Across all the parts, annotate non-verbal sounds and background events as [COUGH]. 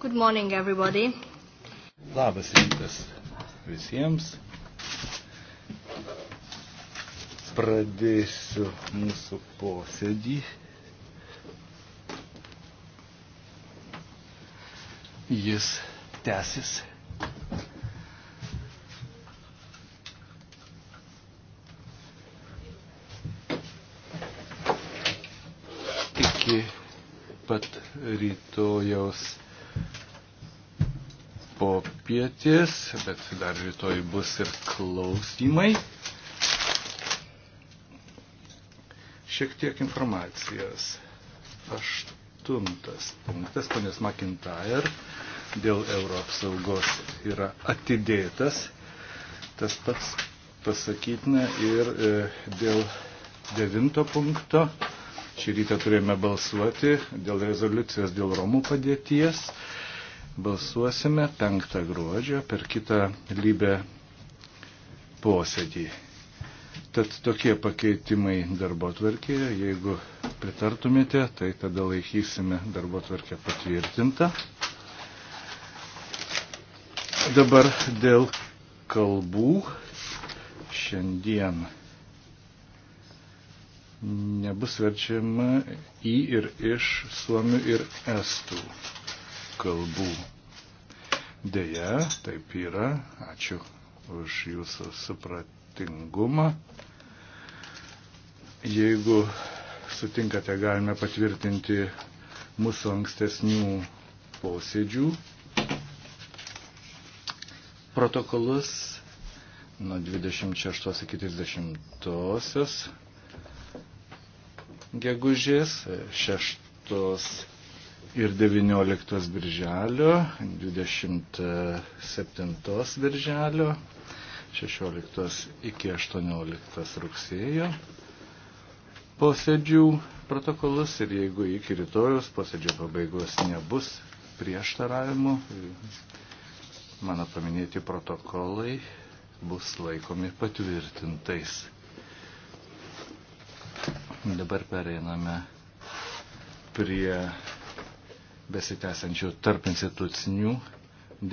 Good morning, everybody. Labas rytas visiems. Pradėsiu mūsų posėdį. Jis tęsis posėdis, bet dar rytoj bus ir klausimai. Šiek tiek informacijos. Aštuntas punktas, ponės McIntyre, dėl euro apsaugos yra atidėtas. Tas pats pasakytina ir e, dėl devinto punkto. Šį rytą turėjome balsuoti dėl rezoliucijos dėl Romų padėties balsuosime 5 gruodžio per kitą lybę posėdį. Tad tokie pakeitimai darbo tvarkėje, jeigu pritartumėte, tai tada laikysime darbo tvarkę patvirtintą. Dabar dėl kalbų šiandien nebus verčiama į ir iš suomių ir estų kalbų. Deja, taip yra. Ačiū už jūsų supratingumą. Jeigu sutinkate, galime patvirtinti mūsų ankstesnių posėdžių protokolus nuo 26 iki 30 gegužės, 6 ir 19 birželio, 27 birželio, 16 iki 18 rugsėjo posėdžių protokolus ir jeigu iki rytojus posėdžio pabaigos nebus prieštaravimų, mano paminėti protokolai bus laikomi patvirtintais. Dabar pereiname prie besitęsančių tarp institucinių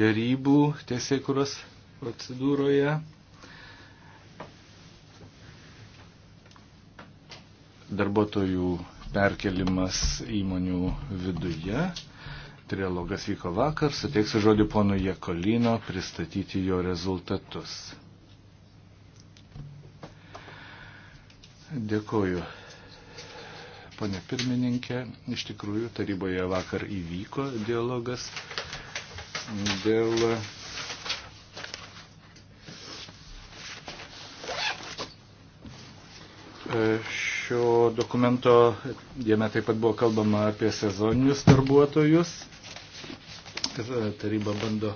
dėrybų tiesiekuros procedūroje. Darbuotojų perkelimas įmonių viduje. Trialogas vyko vakar, suteiksiu žodį ponui Jekolino pristatyti jo rezultatus. Dėkuoju. Pone pirmininkė, iš tikrųjų taryboje vakar įvyko dialogas dėl e, šio dokumento, jame taip pat buvo kalbama apie sezoninius darbuotojus. E, taryba bando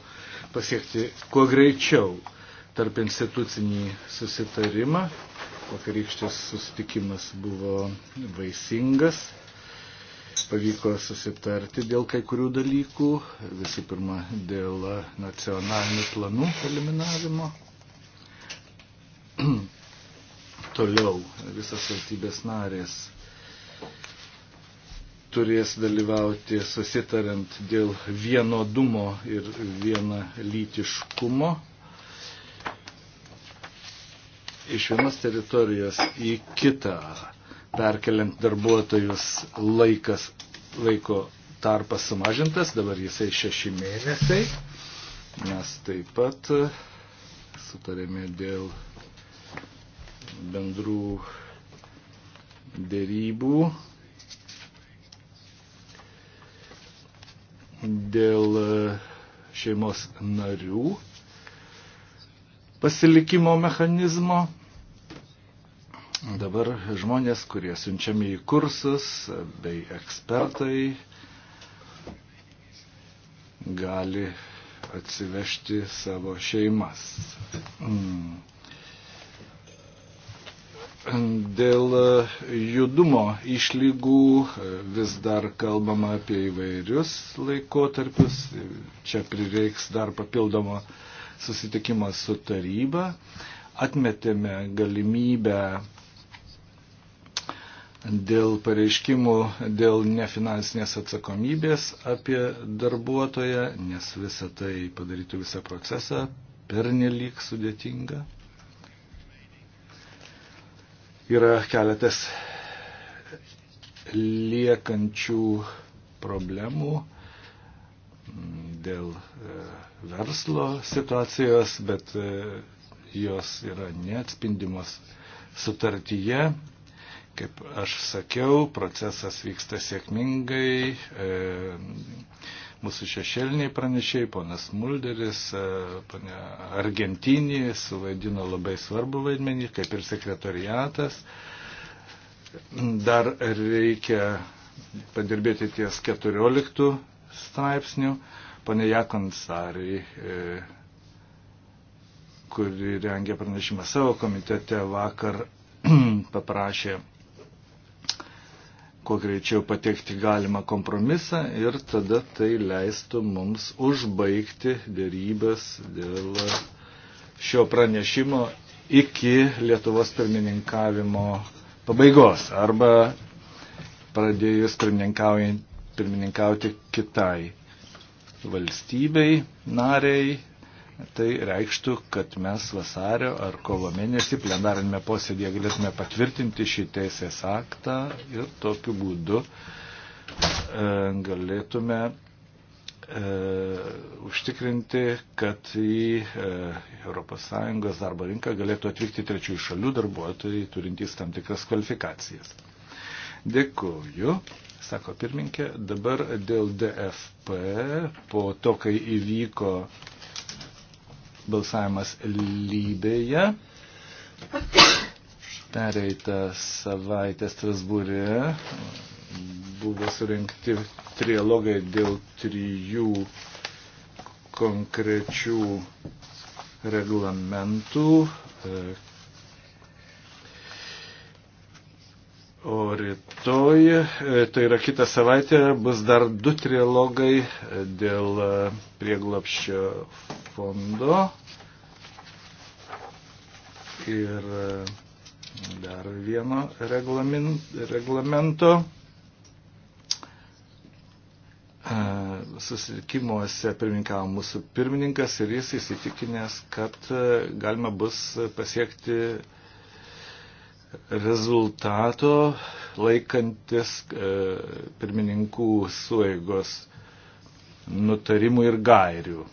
pasiekti kuo greičiau tarp institucinį susitarimą Vakarykštis susitikimas buvo vaisingas. Pavyko susitarti dėl kai kurių dalykų. Visų pirma, dėl nacionalinių planų eliminavimo. [CLEARS THROAT] Toliau visas valstybės narės turės dalyvauti susitarant dėl vienodumo ir vienalytiškumo iš vienos teritorijos į kitą, perkeliant darbuotojus laikas, laiko tarpas sumažintas, dabar jisai šeši mėnesiai. Mes taip pat e, sutarėme dėl bendrų dėrybų, dėl e, šeimos narių pasilikimo mechanizmo Dabar žmonės, kurie siunčiami į kursus bei ekspertai gali atsivežti savo šeimas. Mm. Dėl judumo išlygų vis dar kalbama apie įvairius laikotarpius. Čia prireiks dar papildomo susitikimo su taryba. Atmetėme galimybę dėl pareiškimų, dėl nefinansinės atsakomybės apie darbuotoją, nes visą tai padarytų visą procesą pernelyg sudėtinga. Yra keletas liekančių problemų dėl e, verslo situacijos, bet e, jos yra neatspindimos sutartyje Kaip aš sakiau, procesas vyksta sėkmingai. E, mūsų šešėliniai pranešėjai, ponas Mulderis, e, ponė Argentinį suvaidino labai svarbu vaidmenį, kaip ir sekretariatas. Dar reikia padirbėti ties 14 straipsnių. Pane Jakonsari, e, kuri rengė pranešimą savo komitete vakar, [CLEARS THROAT] paprašė kuo greičiau patekti galima kompromisą ir tada tai leistų mums užbaigti dėrybas dėl šio pranešimo iki Lietuvos pirmininkavimo pabaigos arba pradėjus pirmininkauti kitai valstybei, nariai, Tai reikštų, kad mes vasario ar kovo mėnesį plenarinėme posėdėje galėtume patvirtinti šį teisės aktą ir tokiu būdu e, galėtume e, užtikrinti, kad į e, ES darbo rinką galėtų atvykti trečiųjų šalių darbuotojai turintys tam tikras kvalifikacijas. Dėkuoju sako pirminkė, dabar dėl DFP, po to, kai įvyko balsavimas lybėje. Pereitą savaitę Strasbūrė buvo surinkti trialogai dėl trijų konkrečių reglamentų, O rytoj, e, tai yra kitą savaitę, bus dar du trilogai e, dėl e, prieglapščio fondo. Ir dar vieno reglamento. Susitikimuose pirmininkavo mūsų pirmininkas ir jis įsitikinęs, kad galima bus pasiekti rezultato laikantis e, pirmininkų sueigos nutarimų ir gairių.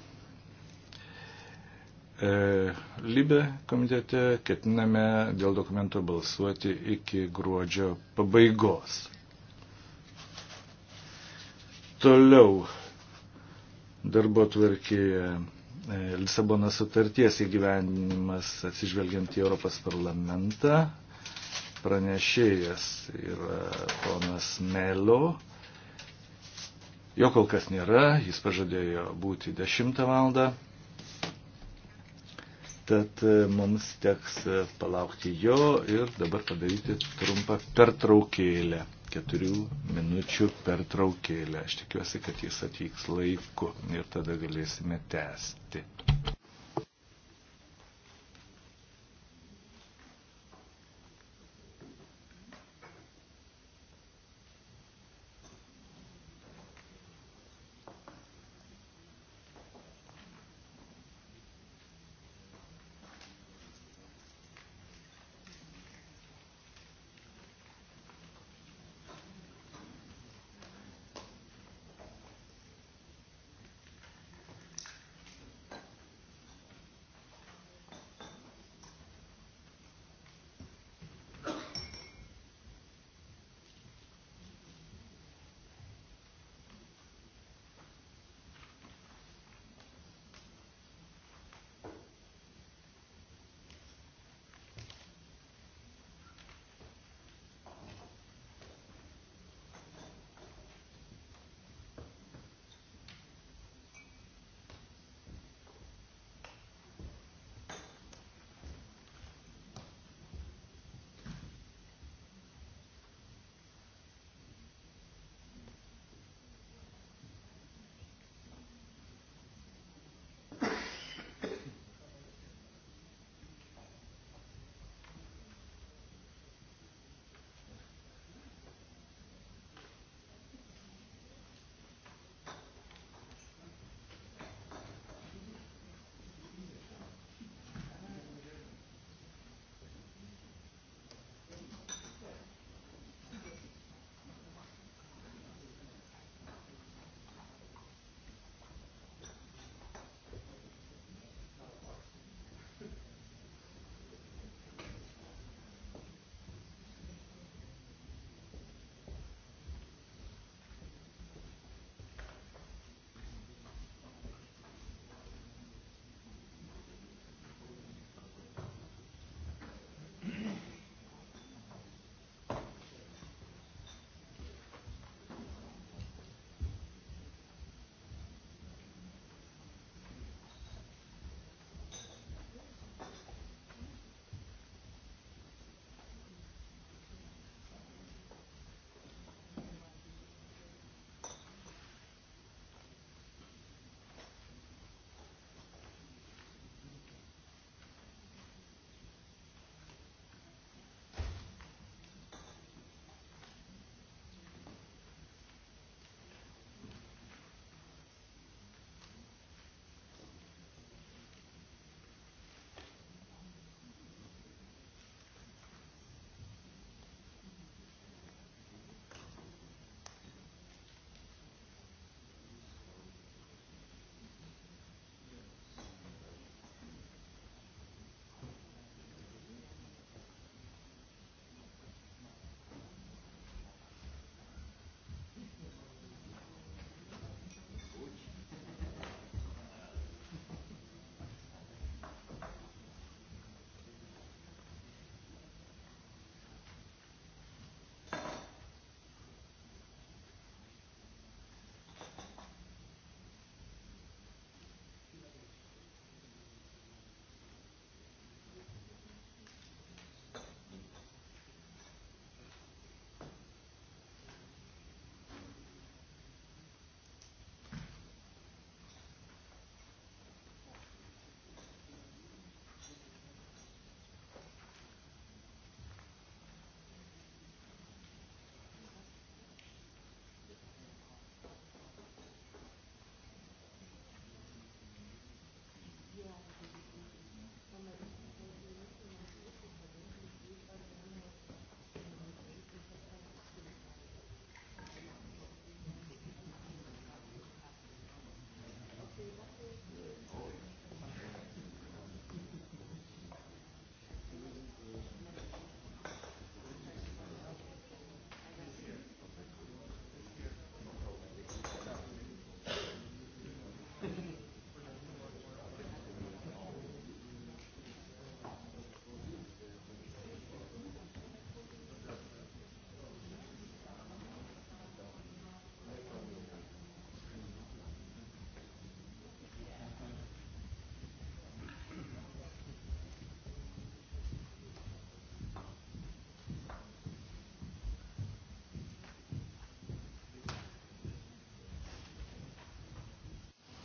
E, Libe komitete ketiname dėl dokumento balsuoti iki gruodžio pabaigos. Toliau darbo tvarkėje e, Lisabono sutarties įgyvenimas atsižvelgiant į Europos parlamentą pranešėjas yra ponas Melo. Jo kol kas nėra, jis pažadėjo būti 10 valandą. Tad e, mums teks e, palaukti jo ir dabar padaryti trumpą pertraukėlę. Keturių minučių pertraukėlę. Aš tikiuosi, kad jis atvyks laiku ir tada galėsime tęsti.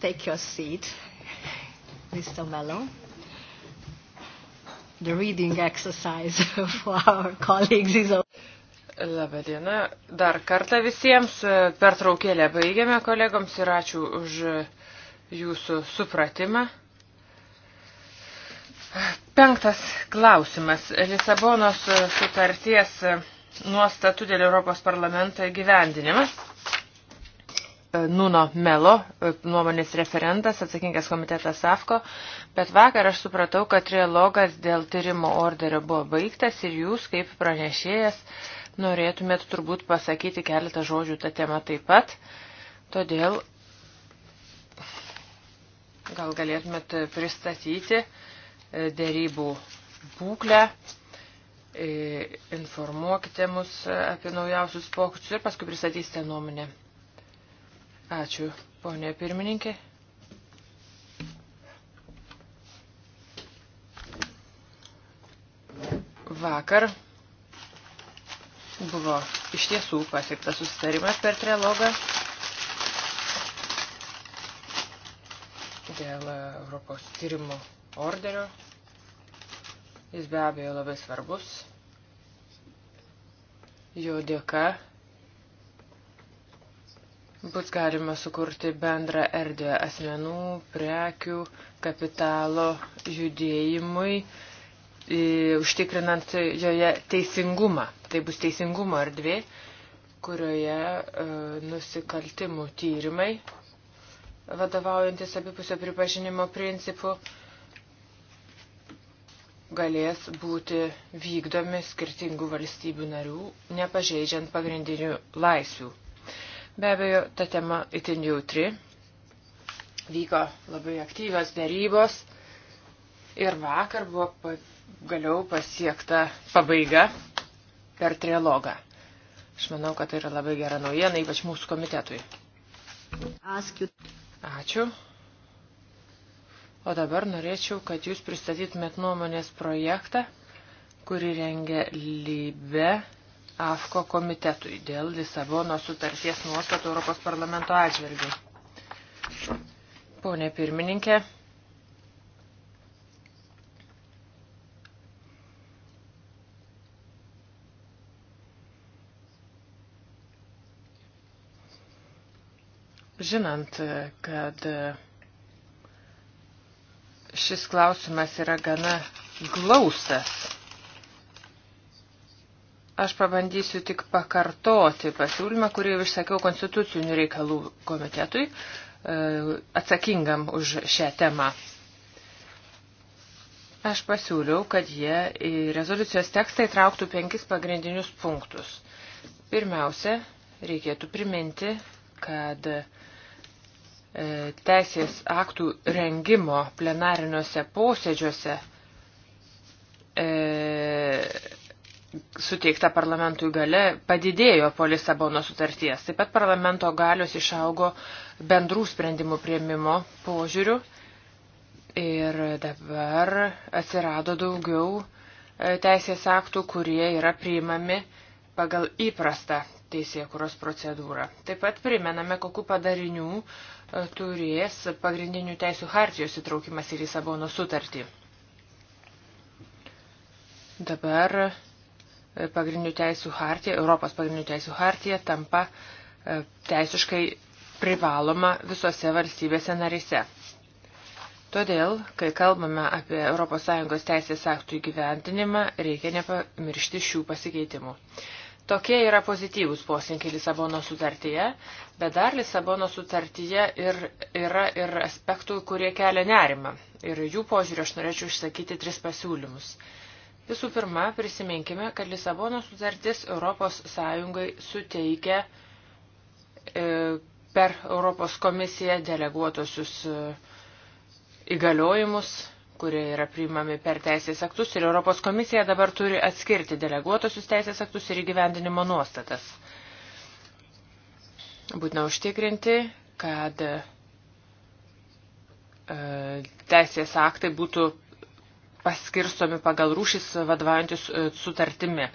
take your seat, Mr. Mello. The reading exercise [LAUGHS] for our colleagues is over. Labadiena. Dar kartą visiems pertraukėlę baigiame kolegoms ir ačiū už jūsų supratimą. Penktas klausimas. Lisabonos sutarties nuostatų dėl Europos parlamento gyvendinimas. Nuno Melo, e, nuomonės referentas, atsakingas komitetas AFKO, bet vakar aš supratau, kad trialogas dėl tyrimo orderio buvo baigtas ir jūs, kaip pranešėjas, norėtumėt turbūt pasakyti keletą žodžių tą temą taip pat. Todėl gal galėtumėt pristatyti e, dėrybų būklę e, informuokite mus apie naujausius pokyčius ir paskui pristatysite nuomonę. Ačiū, ponė pirmininkė. Vakar buvo iš tiesų pasiektas susitarimas per trilogą dėl Europos tyrimų orderio. Jis be abejo labai svarbus. Jo dėka bus galima sukurti bendrą erdvę asmenų, prekių, kapitalo judėjimui, užtikrinant joje teisingumą. Tai bus teisingumo erdvė, kurioje e, nusikaltimų tyrimai, vadovaujantis abipusio pripažinimo principų, galės būti vykdomi skirtingų valstybių narių, nepažeidžiant pagrindinių laisvių. Be abejo, ta tema itin jautri. Vyko labai aktyvios darybos ir vakar buvo pagaliau pasiekta pabaiga per trilogą. Aš manau, kad tai yra labai gera naujiena, ypač mūsų komitetui. Ačiū. O dabar norėčiau, kad jūs pristatytumėt nuomonės projektą, kurį rengia Lybe AFKO komitetui dėl Lisabono sutarties nuostatų Europos parlamento atžvilgių. Pone pirmininkė, žinant, kad šis klausimas yra gana glaustas Aš pabandysiu tik pakartoti pasiūlymą, kurį išsakiau konstitucinių reikalų komitetui, e, atsakingam už šią temą. Aš pasiūliau, kad jie į rezoliucijos tekstą įtrauktų penkis pagrindinius punktus. Pirmiausia, reikėtų priminti, kad e, teisės aktų rengimo plenariniuose posėdžiuose suteikta parlamentui gale padidėjo po Lisabono sutarties. Taip pat parlamento galios išaugo bendrų sprendimų prieimimo požiūrių ir dabar atsirado daugiau e, teisės aktų, kurie yra priimami pagal įprastą teisėkuros procedūrą. Taip pat primename, kokiu padarinių e, turės pagrindinių teisų hartijos įtraukimas į Lisabono sutartį. Dabar pagrindinių teisų hartija, Europos pagrindinių teisų hartija tampa e, teisiškai privaloma visose valstybėse narise. Todėl, kai kalbame apie ES teisės aktų įgyventinimą, reikia nepamiršti šių pasikeitimų. Tokie yra pozityvūs posinkiai Lisabono sutartyje, bet dar Lisabono sutartyje ir, yra ir aspektų, kurie kelia nerimą. Ir jų požiūrį aš norėčiau išsakyti tris pasiūlymus. Visų pirma, prisiminkime, kad Lisabono sutartis Europos Sąjungai suteikia e, per Europos komisiją deleguotosius e, įgaliojimus, kurie yra priimami per teisės aktus ir Europos komisija dabar turi atskirti deleguotosius teisės aktus ir įgyvendinimo nuostatas. Būtina užtikrinti, kad e, teisės aktai būtų paskirstomi pagal rūšis vadovaujantis e, sutartimi.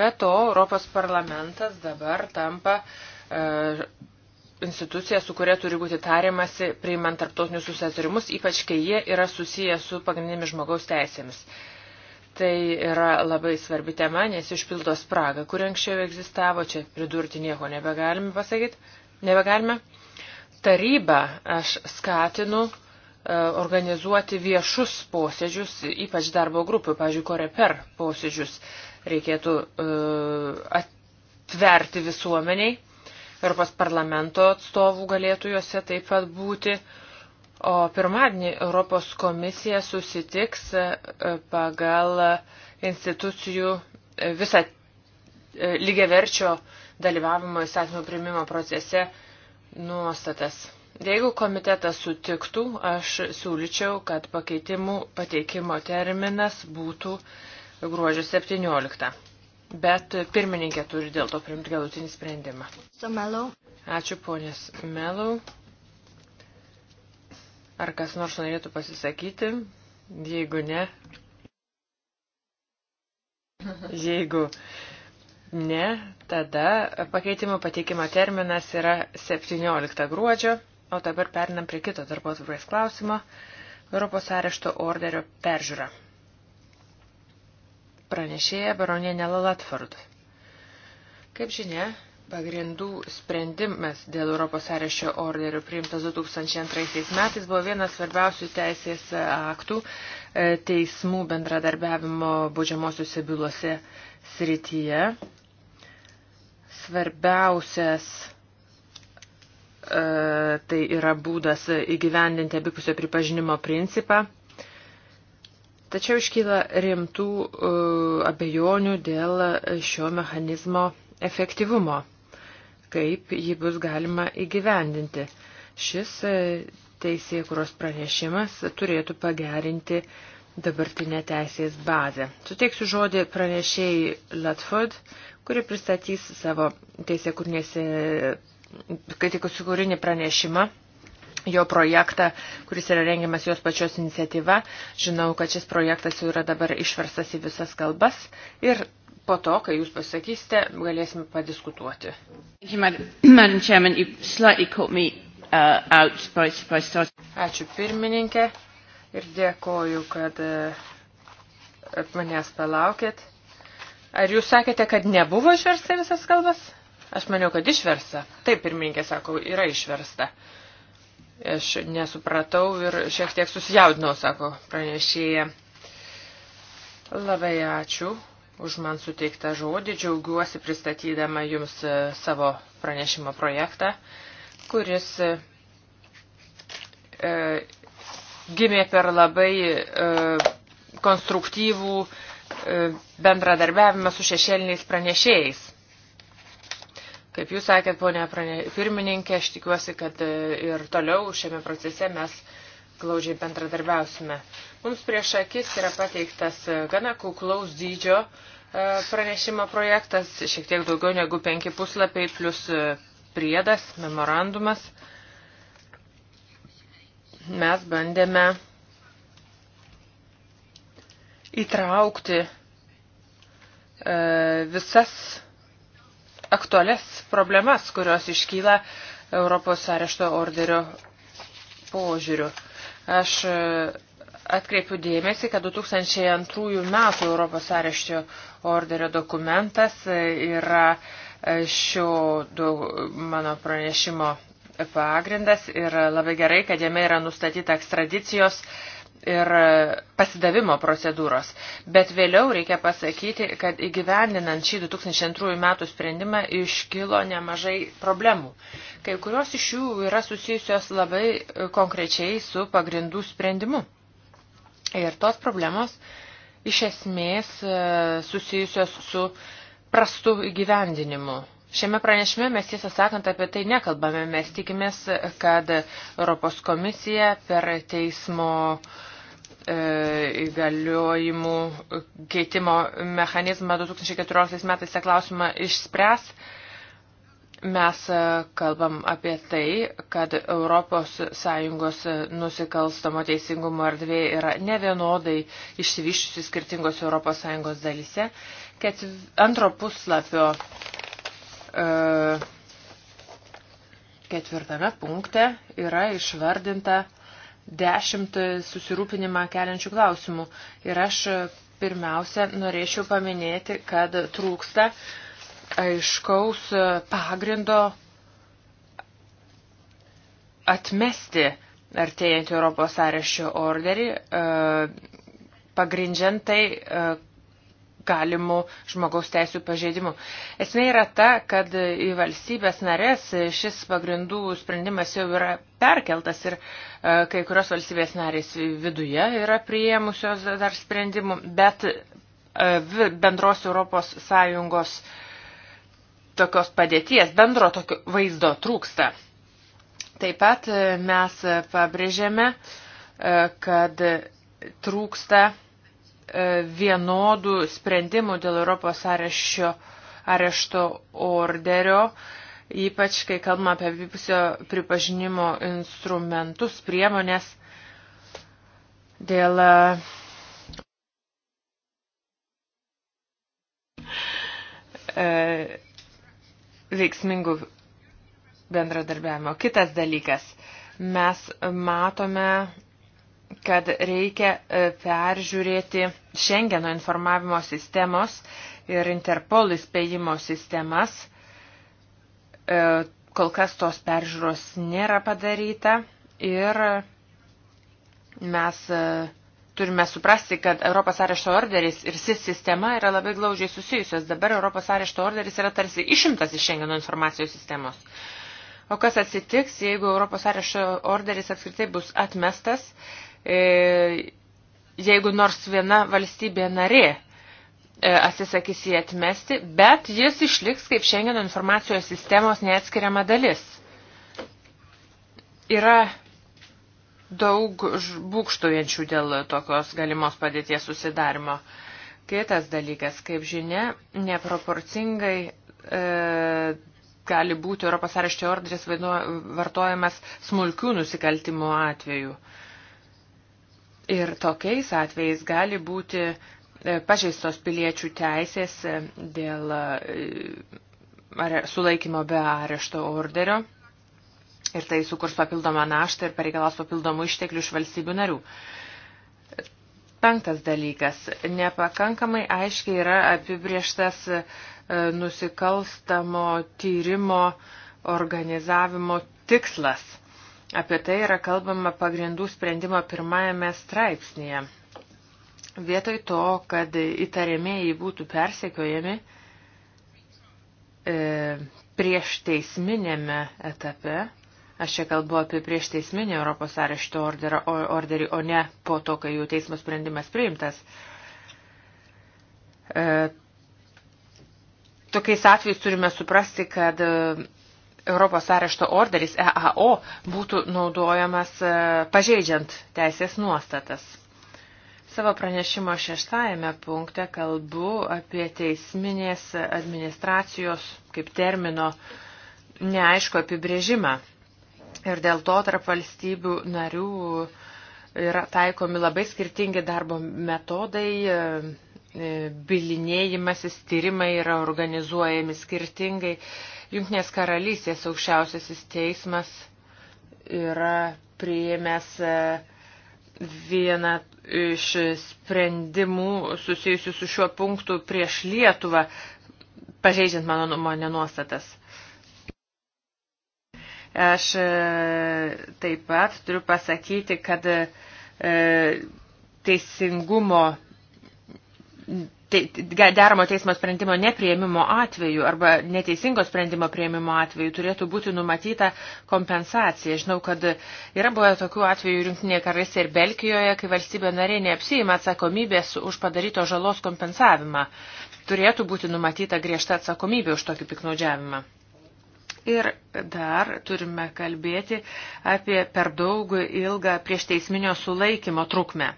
Be to, Europos parlamentas dabar tampa e, institucija, su kuria turi būti tariamasi priimant tarptautinius susitarimus, ypač kai jie yra susiję su pagrindinėmis žmogaus teisėmis. Tai yra labai svarbi tema, nes išpildo spragą, kuri anksčiau egzistavo, čia pridurti nieko nebegalime pasakyti, nebegalime. Taryba aš skatinu E, organizuoti viešus posėdžius, ypač darbo grupių, pavyzdžiui, koreper posėdžius reikėtų e, atverti visuomeniai. Europos parlamento atstovų galėtų juose taip pat būti. O pirmadienį Europos komisija susitiks e, pagal institucijų visą lygiaverčio dalyvavimo įstatymo primimo procese nuostatas. Jeigu komitetas sutiktų, aš siūlyčiau, kad pakeitimų pateikimo terminas būtų gruodžio 17. Bet pirmininkė turi dėl to priimti galutinį sprendimą. Ačiū ponės Melau. Ar kas nors norėtų pasisakyti? Jeigu ne. Jeigu ne, tada pakeitimo pateikimo terminas yra 17 gruodžio. O dabar perinam prie kito darbo atvarkės klausimo – Europos arešto orderio peržiūra. Pranešėja baronė Nela Latford. Kaip žinia, pagrindų sprendimas dėl Europos arešto orderio priimtas 2002 metais buvo vienas svarbiausių teisės aktų e, teismų bendradarbiavimo būdžiamosiuose bylose srityje. Svarbiausias E, tai yra būdas įgyvendinti abipusio pripažinimo principą. Tačiau iškyla rimtų e, abejonių dėl šio mechanizmo efektyvumo, kaip jį bus galima įgyvendinti. Šis e, teisėkuros pranešimas turėtų pagerinti dabartinę teisės bazę. Suteiksiu žodį pranešėjai Latford, kuri pristatys savo teisėkurnės kai tik sukūrinį pranešimą, jo projektą, kuris yra rengiamas jos pačios iniciatyva. Žinau, kad šis projektas jau yra dabar išverstas į visas kalbas ir po to, kai jūs pasakysite, galėsime padiskutuoti. Uh, Ačiū pirmininkė ir dėkoju, kad uh, manęs palaukėt. Ar jūs sakėte, kad nebuvo išversta visas kalbas? Aš maniau, kad išversta. Taip, pirmininkė sako, yra išversta. Aš nesupratau ir šiek tiek susijaudinau, sako pranešėja. Labai ačiū už man suteiktą žodį. Džiaugiuosi pristatydama Jums e, savo pranešimo projektą, kuris e, gimė per labai e, konstruktyvų e, bendradarbiavimą su šešėliniais pranešėjais. Kaip jūs sakėt, ponė pirmininkė, aš tikiuosi, kad e, ir toliau šiame procese mes glaudžiai bendradarbiausime. Mums prieš akis yra pateiktas e, gana kuklaus dydžio e, pranešimo projektas, šiek tiek daugiau negu penki puslapiai plus priedas, memorandumas. Mes bandėme įtraukti visas aktualias problemas, kurios iškyla Europos arešto orderio požiūriu. Aš e, atkreipiu dėmesį, kad 2002 metų Europos arešto orderio dokumentas e, yra e, šio mano pranešimo pagrindas ir labai gerai, kad jame yra nustatyta ekstradicijos ir pasidavimo procedūros. Bet vėliau reikia pasakyti, kad įgyvendinant šį 2002 metų sprendimą iškilo nemažai problemų. Kai kurios iš jų yra susijusios labai konkrečiai su pagrindų sprendimu. Ir tos problemos iš esmės e, susijusios su prastu įgyvendinimu Šiame pranešime mes tiesą sakant apie tai nekalbame, mes tikimės, kad Europos komisija per teismo uh, E, įgaliojimų keitimo mechanizmą 2014 metais tą klausimą išspręs. Mes e, kalbam apie tai, kad ES nusikalstamo teisingumo erdvė yra nevienodai išsivyščiusi skirtingos ES dalyse. Kad antro puslapio e, ketvirtame punkte yra išvardinta dešimt susirūpinimą keliančių klausimų. Ir aš pirmiausia norėčiau paminėti, kad trūksta aiškaus pagrindo atmesti artėjantį Europos areščio orderį, e, pagrindžiant tai e, galimų žmogaus teisų pažeidimų. Esmė yra ta, kad į valstybės narės šis pagrindų sprendimas jau yra perkeltas ir e, kai kurios valstybės narės viduje yra priėmusios dar sprendimų, bet e, bendros Europos Sąjungos tokios padėties, bendro tokio vaizdo trūksta. Taip pat e, mes pabrėžėme, kad trūksta E, vienodų sprendimų dėl Europos areščio, arešto orderio, ypač kai kalbame apie abipusio pripažinimo instrumentus, priemonės dėl e, veiksmingų bendradarbiavimo. Kitas dalykas, mes matome kad reikia e, peržiūrėti Šengeno informavimo sistemos ir Interpol įspėjimo sistemas. E, kol kas tos peržiūros nėra padaryta ir mes e, turime suprasti, kad Europos arešto orderis ir SIS sistema yra labai glaužiai susijusios. Dabar Europos arešto orderis yra tarsi išimtas iš Šengeno informacijos sistemos. O kas atsitiks, jeigu Europos arešto orderis apskritai bus atmestas E, jeigu nors viena valstybė narė e, atsisakys jį atmesti, bet jis išliks kaip Schengeno informacijos sistemos neatskiriama dalis. Yra daug būkštojančių dėl tokios galimos padėties susidarimo. Kitas dalykas, kaip žinia, neproporcingai e, gali būti Europos areštio orderis vartojamas smulkių nusikaltimų atveju. E, Ir tokiais atvejais gali būti e, pažeistos piliečių teisės e, dėl e, sulaikymo be arešto orderio. Ir tai sukurs papildomą naštą ir pareikalas papildomų išteklių iš valstybių narių. Penktas dalykas. Nepakankamai aiškiai yra apibrieštas nusikalstamo tyrimo organizavimo tikslas – Apie tai yra kalbama pagrindų sprendimo pirmajame straipsnėje. Vietoj to, kad įtariamieji būtų persekiojami e, prieš teisminėme etape, aš čia kalbu apie prieš teisminį Europos arešto orderą, orderį, o ne po to, kai jų teismo sprendimas priimtas, e, tokiais atvejais turime suprasti, kad Europos arešto orderis EAO būtų naudojamas e, pažeidžiant teisės nuostatas. Savo pranešimo šeštajame punkte kalbu apie teisminės administracijos kaip termino neaišku apibrėžimą. Ir dėl to tarp valstybių narių yra taikomi labai skirtingi darbo metodai, e, e, bilinėjimasis tyrimai yra organizuojami skirtingai Junknės karalystės aukščiausiasis teismas yra priėmęs e, vieną iš sprendimų susijusių su šiuo punktu prieš Lietuvą, pažeidžiant mano nuomonę nuostatas. Aš e, taip pat turiu pasakyti, kad e, teisingumo te, deramo teismo sprendimo neprieimimo atveju arba neteisingo sprendimo prieimimo atveju turėtų būti numatyta kompensacija. Žinau, kad yra buvę tokių atvejų Junktinėje karalystėje ir Belgijoje, kai valstybė narė neapsijima atsakomybės už padaryto žalos kompensavimą. Turėtų būti numatyta griežta atsakomybė už tokį piknaudžiavimą. Ir dar turime kalbėti apie per daug ilgą prieš teisminio sulaikymo trukmę.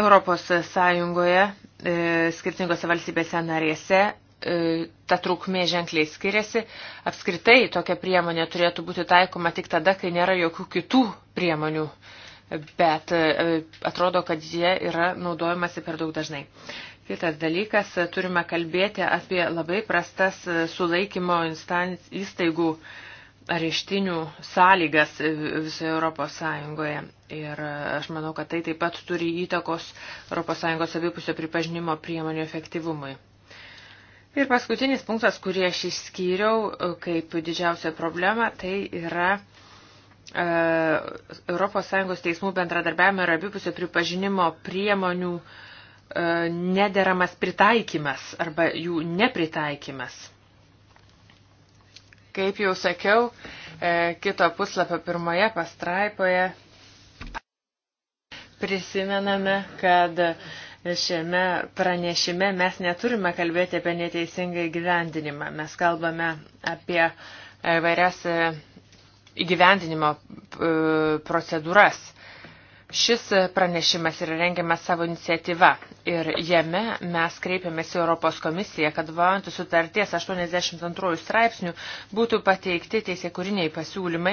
Europos Sąjungoje, e, skirtingose valstybėse narėse e, ta trukmė ženkliai skiriasi. Apskritai tokia priemonė turėtų būti taikoma tik tada, kai nėra jokių kitų priemonių, bet e, atrodo, kad jie yra naudojamasi per daug dažnai. Kitas dalykas, turime kalbėti apie labai prastas sulaikymo įstaigų uh, areštinių sąlygas visoje Europos Sąjungoje. Ir aš manau, kad tai taip pat turi įtakos Europos Sąjungos abipusio pripažinimo priemonių efektyvumui. Ir paskutinis punktas, kurį aš išskyriau kaip didžiausią problemą, tai yra ES teismų bendradarbiavimo ir abipusio pripažinimo priemonių e, nederamas pritaikymas arba jų nepritaikymas. Kaip jau sakiau, e, kito puslapio pirmoje pastraipoje prisimename, kad šiame pranešime mes neturime kalbėti apie neteisingą įgyvendinimą. Mes kalbame apie vairias e, įgyvendinimo e, procedūras. Šis pranešimas yra rengiamas savo iniciatyva ir jame mes kreipiamės į Europos komisiją, kad valantų sutarties 82 straipsnių būtų pateikti teisėkūriniai pasiūlymai,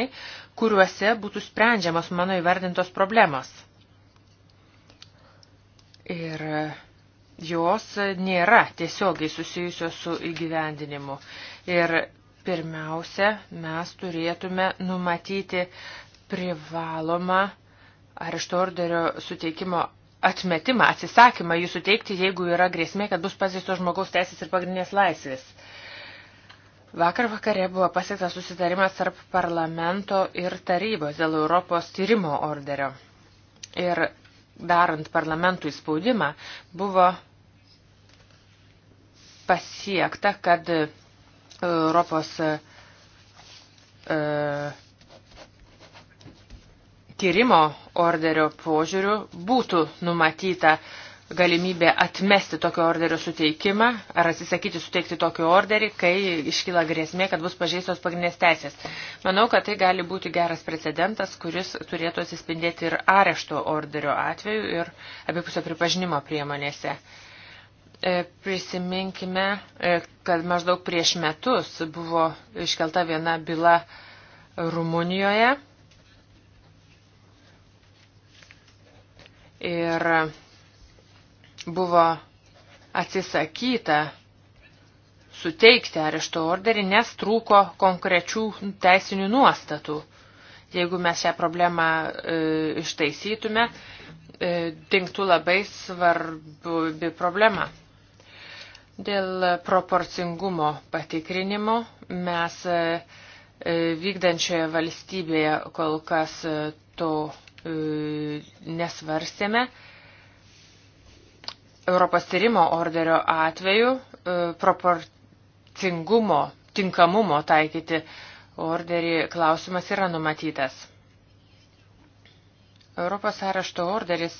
kuriuose būtų sprendžiamos mano įvardintos problemos. Ir jos nėra tiesiogiai susijusios su įgyvendinimu. Ir pirmiausia, mes turėtume numatyti privalomą arešto orderio suteikimo atmetimą, atsisakymą jį suteikti, jeigu yra grėsmė, kad bus pasisto žmogaus teisės ir pagrindinės laisvės. Vakar vakare buvo pasiektas susitarimas tarp parlamento ir tarybos dėl Europos tyrimo orderio. Ir darant parlamentų įspaudimą buvo pasiekta, kad Europos uh, tyrimo orderio požiūriu būtų numatyta galimybė atmesti tokio orderio suteikimą ar atsisakyti suteikti tokį orderį, kai iškyla grėsmė, kad bus pažeistos pagrindinės teisės. Manau, kad tai gali būti geras precedentas, kuris turėtų atsispindėti ir arešto orderio atveju ir abipusio pripažinimo priemonėse. E, prisiminkime, e, kad maždaug prieš metus buvo iškelta viena byla Rumunijoje ir buvo atsisakyta suteikti arešto orderį, nes trūko konkrečių teisinių nuostatų. Jeigu mes šią problemą e, ištaisytume, e, dinktų labai svarbi problema. Dėl proporcingumo patikrinimo mes e, vykdančioje valstybėje kol kas e, to E, nesvarstėme. Europos tyrimo orderio atveju e, proporcingumo, tinkamumo taikyti orderį klausimas yra numatytas. Europos arešto orderis,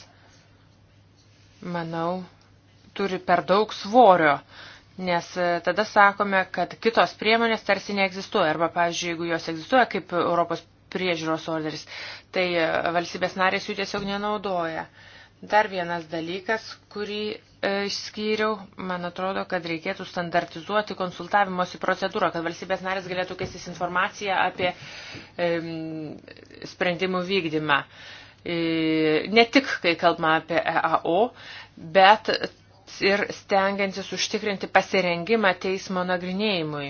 manau, turi per daug svorio, nes e, tada sakome, kad kitos priemonės tarsi neegzistuoja. Arba, pavyzdžiui, jeigu jos egzistuoja kaip Europos priežiūros orderis. Tai e, valstybės narės jų tiesiog nenaudoja. Dar vienas dalykas, kurį e, išskyriau, man atrodo, kad reikėtų standartizuoti konsultavimosi procedūrą, kad valstybės narės galėtų keistis informaciją apie e, sprendimų vykdymą. E, ne tik, kai kalbama apie EAO, bet ir stengiantis užtikrinti pasirengimą teismo nagrinėjimui.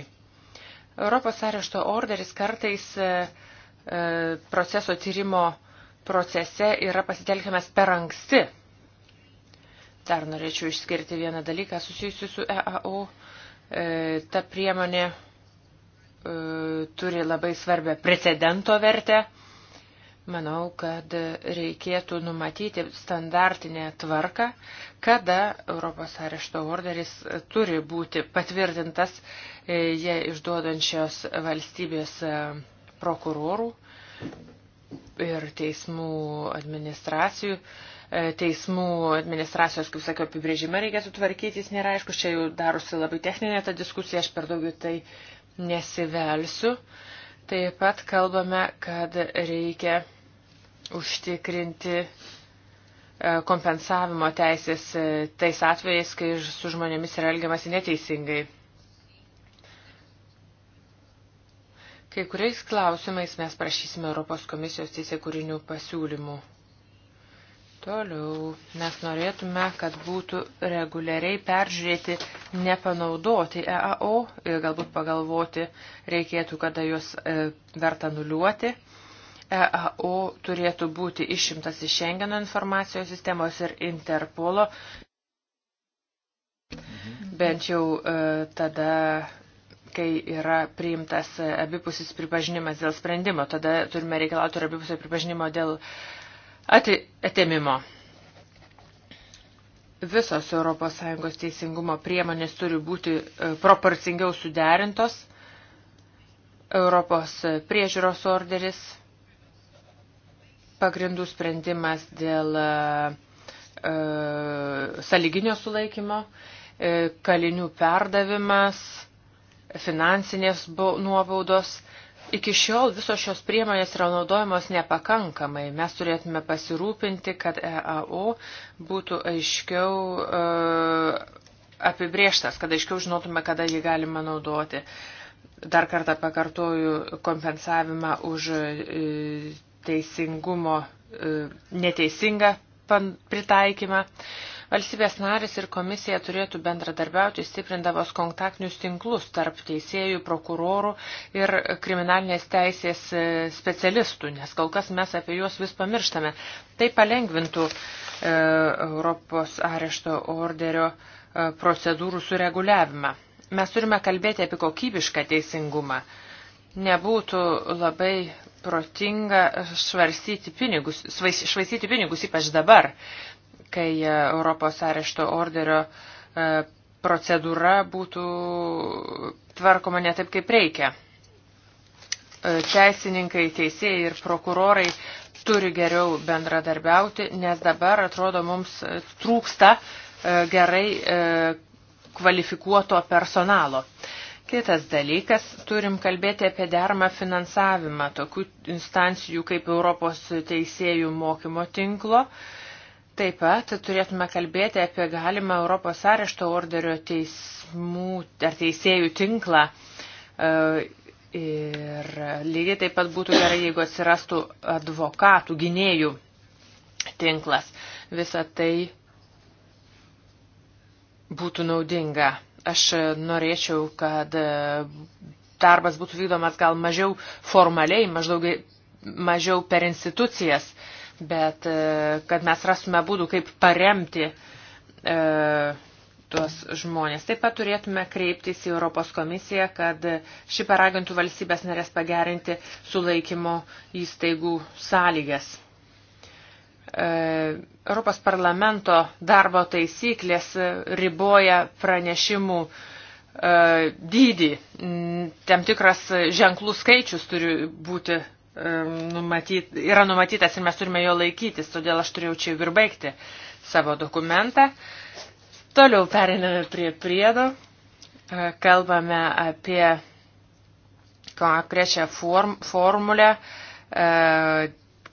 Europos arešto orderis kartais e, E, proceso tyrimo procese yra pasitelkiamas per anksti. Dar norėčiau išskirti vieną dalyką susijusiu su EAU. E, ta priemonė e, turi labai svarbę precedento vertę. Manau, kad reikėtų numatyti standartinę tvarką, kada Europos arešto orderis turi būti patvirtintas, jie išduodančios valstybės prokurorų ir teismų administracijų. E, teismų administracijos, kaip sakiau, apibrėžimą reikia sutvarkyti, jis nėra aiškus, čia jau darosi labai techninė ta diskusija, aš per daugiau tai nesivelsiu. Taip pat kalbame, kad reikia užtikrinti e, kompensavimo teisės e, tais atvejais, kai su žmonėmis yra elgiamasi neteisingai. Kai kuriais klausimais mes prašysime Europos komisijos teisėkūrinių pasiūlymų. Toliau mes norėtume, kad būtų reguliariai peržiūrėti nepanaudoti EAO, galbūt pagalvoti reikėtų, kada juos e, verta nuliuoti. EAO turėtų būti išimtas iš Schengeno informacijos sistemos ir Interpolo. Mhm. Bent jau e, tada kai yra priimtas abipusis pripažinimas dėl sprendimo, tada turime reikalauti ir abipusio pripažinimo dėl atėmimo. Visos ES teisingumo priemonės turi būti e, proporcingiau suderintos. Europos priežiūros orderis, pagrindų sprendimas dėl e, e saliginio sulaikymo, e, kalinių perdavimas, finansinės nuobaudos. Iki šiol visos šios priemonės yra naudojamos nepakankamai. Mes turėtume pasirūpinti, kad EAO būtų aiškiau e, apibrieštas, kad aiškiau žinotume, kada jį galima naudoti. Dar kartą pakartoju kompensavimą už e, teisingumo e, neteisingą pritaikymą. Valstybės narės ir komisija turėtų bendradarbiauti stiprindavos kontaktinius tinklus tarp teisėjų, prokurorų ir kriminalinės teisės e, specialistų, nes kol kas mes apie juos vis pamirštame. Tai palengvintų e, Europos arešto orderio e, procedūrų sureguliavimą. Mes turime kalbėti apie kokybišką teisingumą. Nebūtų labai protinga švarsyti pinigus, švaistyti pinigus, ypač dabar kai e, Europos arešto orderio e, procedūra būtų tvarkoma ne taip, kaip reikia. E, teisininkai, teisėjai ir prokurorai turi geriau bendradarbiauti, nes dabar, atrodo, mums trūksta gerai kvalifikuoto personalo. Kitas dalykas, turim kalbėti apie dermą finansavimą tokių instancijų kaip Europos teisėjų mokymo tinklo, uh, Taip pat turėtume kalbėti apie galimą Europos arešto orderio teismų ar teisėjų tinklą. E, ir lygiai taip pat būtų gerai, jeigu atsirastų advokatų, gynėjų tinklas. Visa tai būtų naudinga. Aš norėčiau, kad darbas būtų vykdomas gal mažiau formaliai, maždaug, mažiau per institucijas. Uh, bet e, kad mes rastume būdų, kaip paremti e, tuos žmonės. Taip pat turėtume kreiptis į Europos komisiją, kad ši paragintų valstybės narės pagerinti sulaikymo įstaigų sąlygas. E, Europos parlamento darbo taisyklės riboja pranešimų e, dydį. Tam tikras ženklų skaičius turi būti numatyt, yra numatytas ir mes turime jo laikytis, todėl aš turėjau čia ir baigti savo dokumentą. Toliau periname prie priedo, kalbame apie konkrečią form, formulę,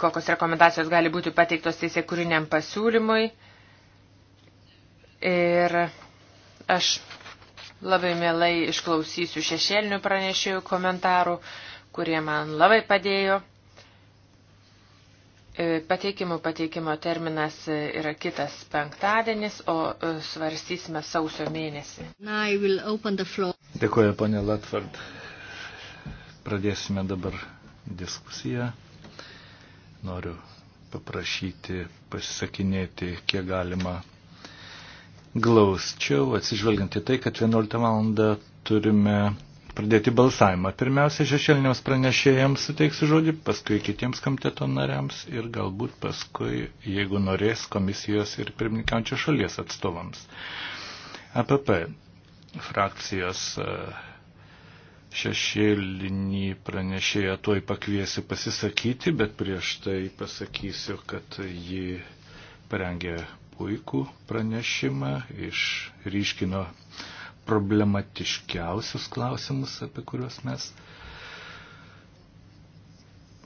kokios rekomendacijos gali būti pateiktos teisėkūriniam pasiūlymui. Ir aš labai mielai išklausysiu šešėlinių pranešėjų komentarų. Uh, kurie man labai padėjo. E, Pateikimų pateikimo terminas e, yra kitas penktadienis, o e, svarstysime sausio mėnesį. Dėkuoju, ponė Latvard. Pradėsime dabar diskusiją. Noriu paprašyti pasisakinėti, kiek galima glausčiau, atsižvelgiant į tai, kad 11 val. turime pradėti balsavimą. Pirmiausia, šešėliniams pranešėjams suteiksiu žodį, paskui kitiems komiteto nariams ir galbūt paskui, jeigu norės, komisijos ir pirmininkiančio šalies atstovams. APP frakcijos e, šešėlinį pranešėją tuoj pakviesiu pasisakyti, bet prieš tai pasakysiu, kad ji parengė puikų pranešimą, išryškino problematiškiausius klausimus, apie kuriuos mes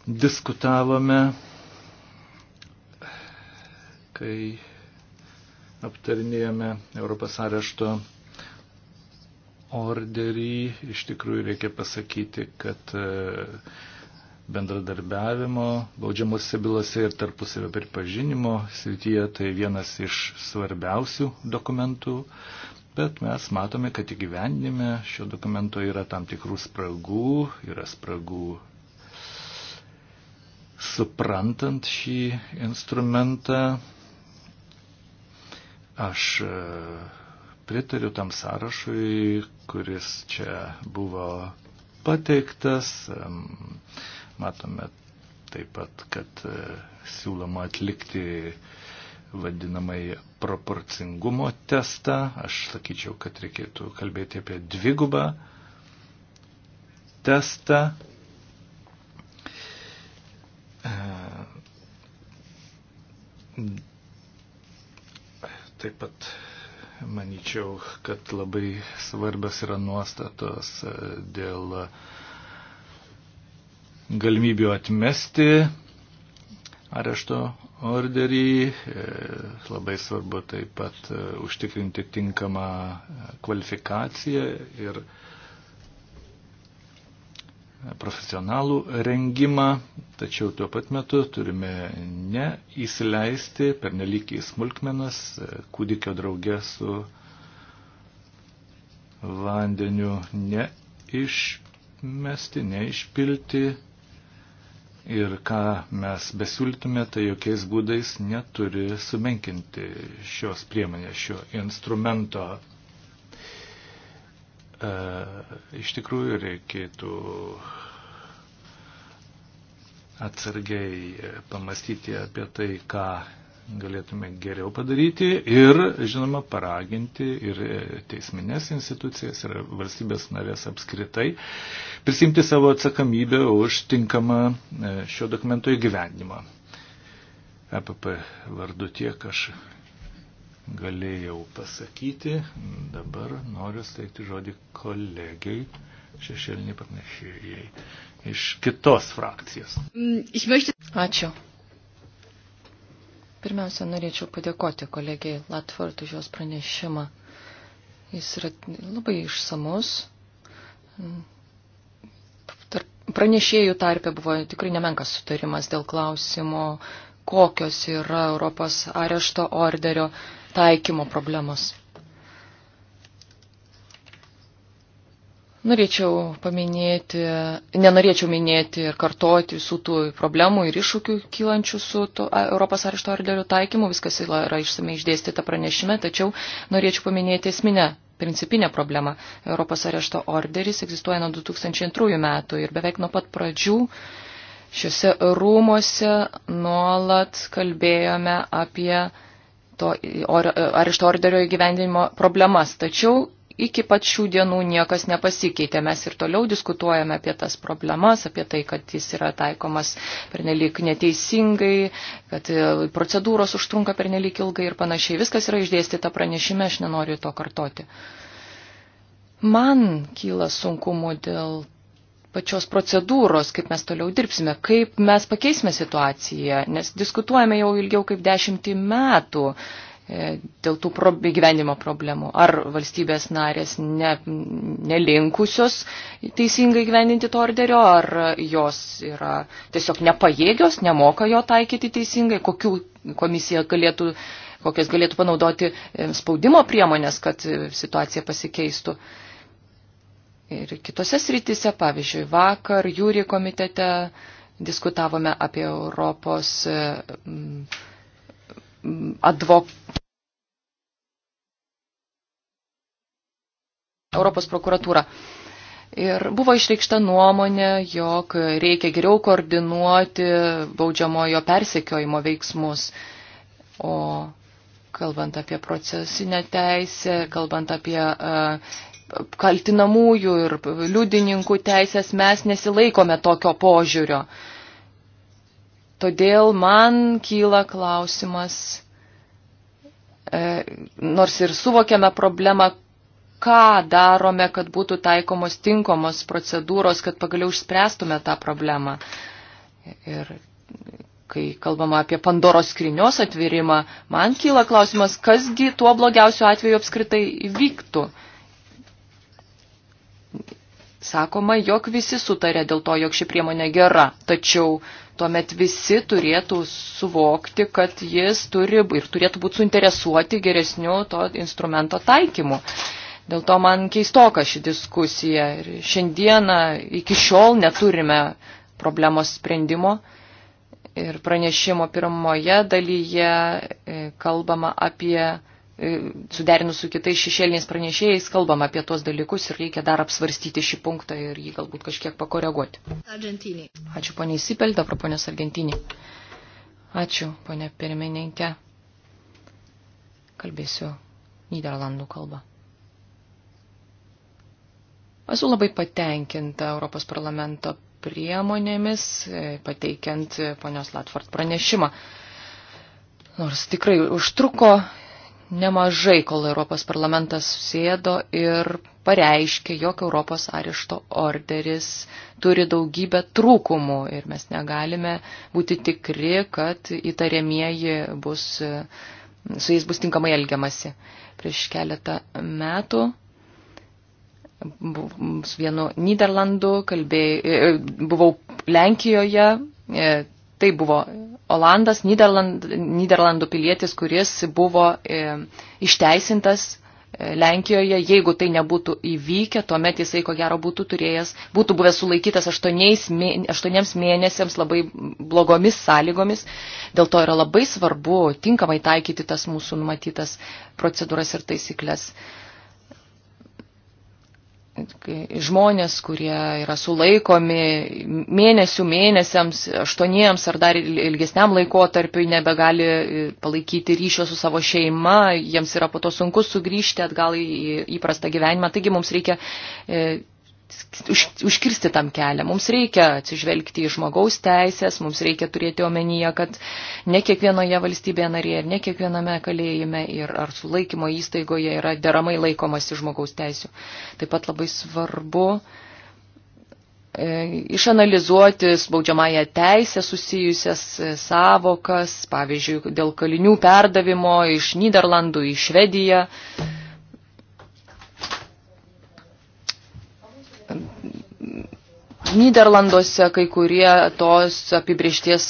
diskutavome, kai aptarinėjome Europos arešto orderį. Iš tikrųjų reikia pasakyti, kad e, bendradarbiavimo baudžiamosiose bylose ir tarpusavio pripažinimo srityje tai vienas iš svarbiausių dokumentų bet mes matome, kad įgyvendime šio dokumento yra tam tikrų spragų, yra spragų suprantant šį instrumentą. Aš e, pritariu tam sąrašui, kuris čia buvo pateiktas. Matome taip pat, kad e, siūloma atlikti vadinamai proporcingumo testą. Aš sakyčiau, kad reikėtų kalbėti apie dvigubą testą. Taip pat manyčiau, kad labai svarbios yra nuostatos dėl galimybių atmesti arešto orderį. E, labai svarbu taip pat e, užtikrinti tinkamą e, kvalifikaciją ir profesionalų rengimą, tačiau tuo pat metu turime neįsileisti per nelik į smulkmenas kūdikio draugę su vandeniu neišmesti, neišpilti ir ką mes besiūlytume, tai jokiais būdais neturi sumenkinti šios priemonės, šio instrumento. E, iš tikrųjų reikėtų atsargiai pamastyti apie tai, ką galėtume geriau padaryti ir, žinoma, paraginti ir teisminės institucijas ir valstybės narės apskritai prisimti savo atsakomybę už tinkamą e, šio dokumento įgyvendimą. EPP vardu tiek aš galėjau pasakyti. Dabar noriu steigti žodį kolegiai šešėliniai pranešėjai iš kitos frakcijos. Mm, Ačiū. Pirmiausia, norėčiau padėkoti kolegijai Latvart už jos pranešimą. Jis yra labai išsamus. Tarp pranešėjų tarpe buvo tikrai nemenkas sutarimas dėl klausimo, kokios yra Europos arešto orderio taikymo problemos. Norėčiau paminėti, nenorėčiau minėti ir kartoti visų tų problemų ir iššūkių kylančių su to Europos arešto orderio taikymu, viskas yra išsamei išdėstyta pranešime, tačiau norėčiau paminėti esminę principinė problema. Europos arešto orderis egzistuoja nuo 2002 metų ir beveik nuo pat pradžių šiuose rūmose nuolat kalbėjome apie to arešto orderio įgyvendinimo problemas. Tačiau iki pačių dienų niekas nepasikeitė. Mes ir toliau diskutuojame apie tas problemas, apie tai, kad jis yra taikomas pernelyg neteisingai, kad e, procedūros užtrunka pernelyg ilgai ir panašiai. Viskas yra išdėstyta pranešime, aš nenoriu to kartoti. Man kyla sunkumų dėl pačios procedūros, kaip mes toliau dirbsime, kaip mes pakeisime situaciją, nes diskutuojame jau ilgiau kaip dešimtį metų E, dėl tų pro, gyvenimo problemų. Ar valstybės narės ne, nelinkusios teisingai gyveninti to orderio, ar jos yra tiesiog nepajėgios, nemoka jo taikyti teisingai, kokių komisija galėtų, kokias galėtų panaudoti e, spaudimo priemonės, kad e, situacija pasikeistų. Ir kitose srityse, pavyzdžiui, vakar jūri komitete diskutavome apie Europos advok... Europos prokuratūra. Ir buvo išreikšta nuomonė, jog reikia geriau koordinuoti baudžiamojo persekiojimo veiksmus. O kalbant apie procesinę teisę, kalbant apie uh, kaltinamųjų ir liudininkų teisės, mes nesilaikome tokio požiūrio. Todėl man kyla klausimas, e, nors ir suvokiame problemą, ką darome, kad būtų taikomos tinkamos procedūros, kad pagaliau išspręstume tą problemą. Ir kai kalbama apie Pandoros skrinios atvirimą, man kyla klausimas, kasgi tuo blogiausiu atveju apskritai vyktų. Sakoma, jog visi sutarė dėl to, jog ši priemonė gera, tačiau tuomet visi turėtų suvokti, kad jis turi ir turėtų būti suinteresuoti geresniu to instrumento taikymu. Dėl to man keistoka ši diskusija ir šiandieną iki šiol neturime problemos sprendimo ir pranešimo pirmoje dalyje e, kalbama apie E, suderinus su kitais šešėliniais pranešėjais, kalbam apie tuos dalykus ir reikia dar apsvarstyti šį punktą ir jį galbūt kažkiek pakoreguoti. Argentinį. Ačiū poniai Sipel, dabar ponės Argentinį. Ačiū ponė pirmininkė. Kalbėsiu Niderlandų kalbą. Esu labai patenkinta Europos parlamento priemonėmis, e, pateikiant ponios Latvart pranešimą. Nors tikrai užtruko nemažai, kol Europos parlamentas sėdo ir pareiškė, jog Europos arešto orderis turi daugybę trūkumų ir mes negalime būti tikri, kad įtariamieji bus, su jais bus tinkamai elgiamasi. Prieš keletą metų su vienu Niderlandu kalbėjau, e, buvau Lenkijoje, e, tai buvo Olandas, Niderland, Niderlandų pilietis, kuris buvo e, išteisintas e, Lenkijoje, jeigu tai nebūtų įvykę, tuomet jisai ko gero būtų turėjęs, būtų buvęs sulaikytas aštuoniems mėnesiams labai blogomis sąlygomis. Dėl to yra labai svarbu tinkamai taikyti tas mūsų numatytas procedūras ir taisyklės. E, žmonės, kurie yra sulaikomi mėnesių, mėnesiams, aštuoniems ar dar ilgesniam laikotarpiui, nebegali e, palaikyti ryšio su savo šeima, jiems yra po to sunku sugrįžti atgal į įprastą gyvenimą. Taigi mums reikia e, už, užkirsti tam kelią. Mums reikia atsižvelgti į žmogaus teisės, mums reikia turėti omenyje, kad ne kiekvienoje valstybėje narėje ir ne kiekviename kalėjime ir ar sulaikymo įstaigoje yra deramai laikomasi žmogaus teisų. Taip pat labai svarbu e, išanalizuoti baudžiamąją teisę susijusias e, savokas, pavyzdžiui, dėl kalinių perdavimo iš Niderlandų į Švediją. Mm Niderlanduose kai kurie tos apibriešties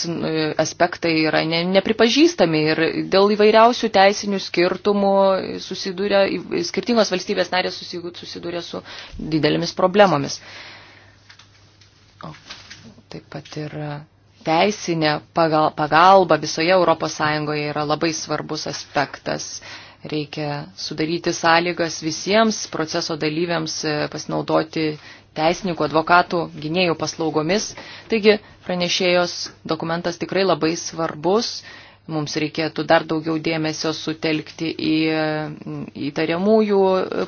aspektai yra ne, nepripažįstami ir dėl įvairiausių teisinių skirtumų susiduria, skirtingos valstybės narės susiduria su didelėmis problemomis. O, taip pat ir teisinė pagalba visoje Europos Sąjungoje yra labai svarbus aspektas reikia sudaryti sąlygas visiems proceso dalyviams e, pasinaudoti teisininkų, advokatų, gynėjų paslaugomis. Taigi pranešėjos dokumentas tikrai labai svarbus. Mums reikėtų dar daugiau dėmesio sutelkti į įtariamųjų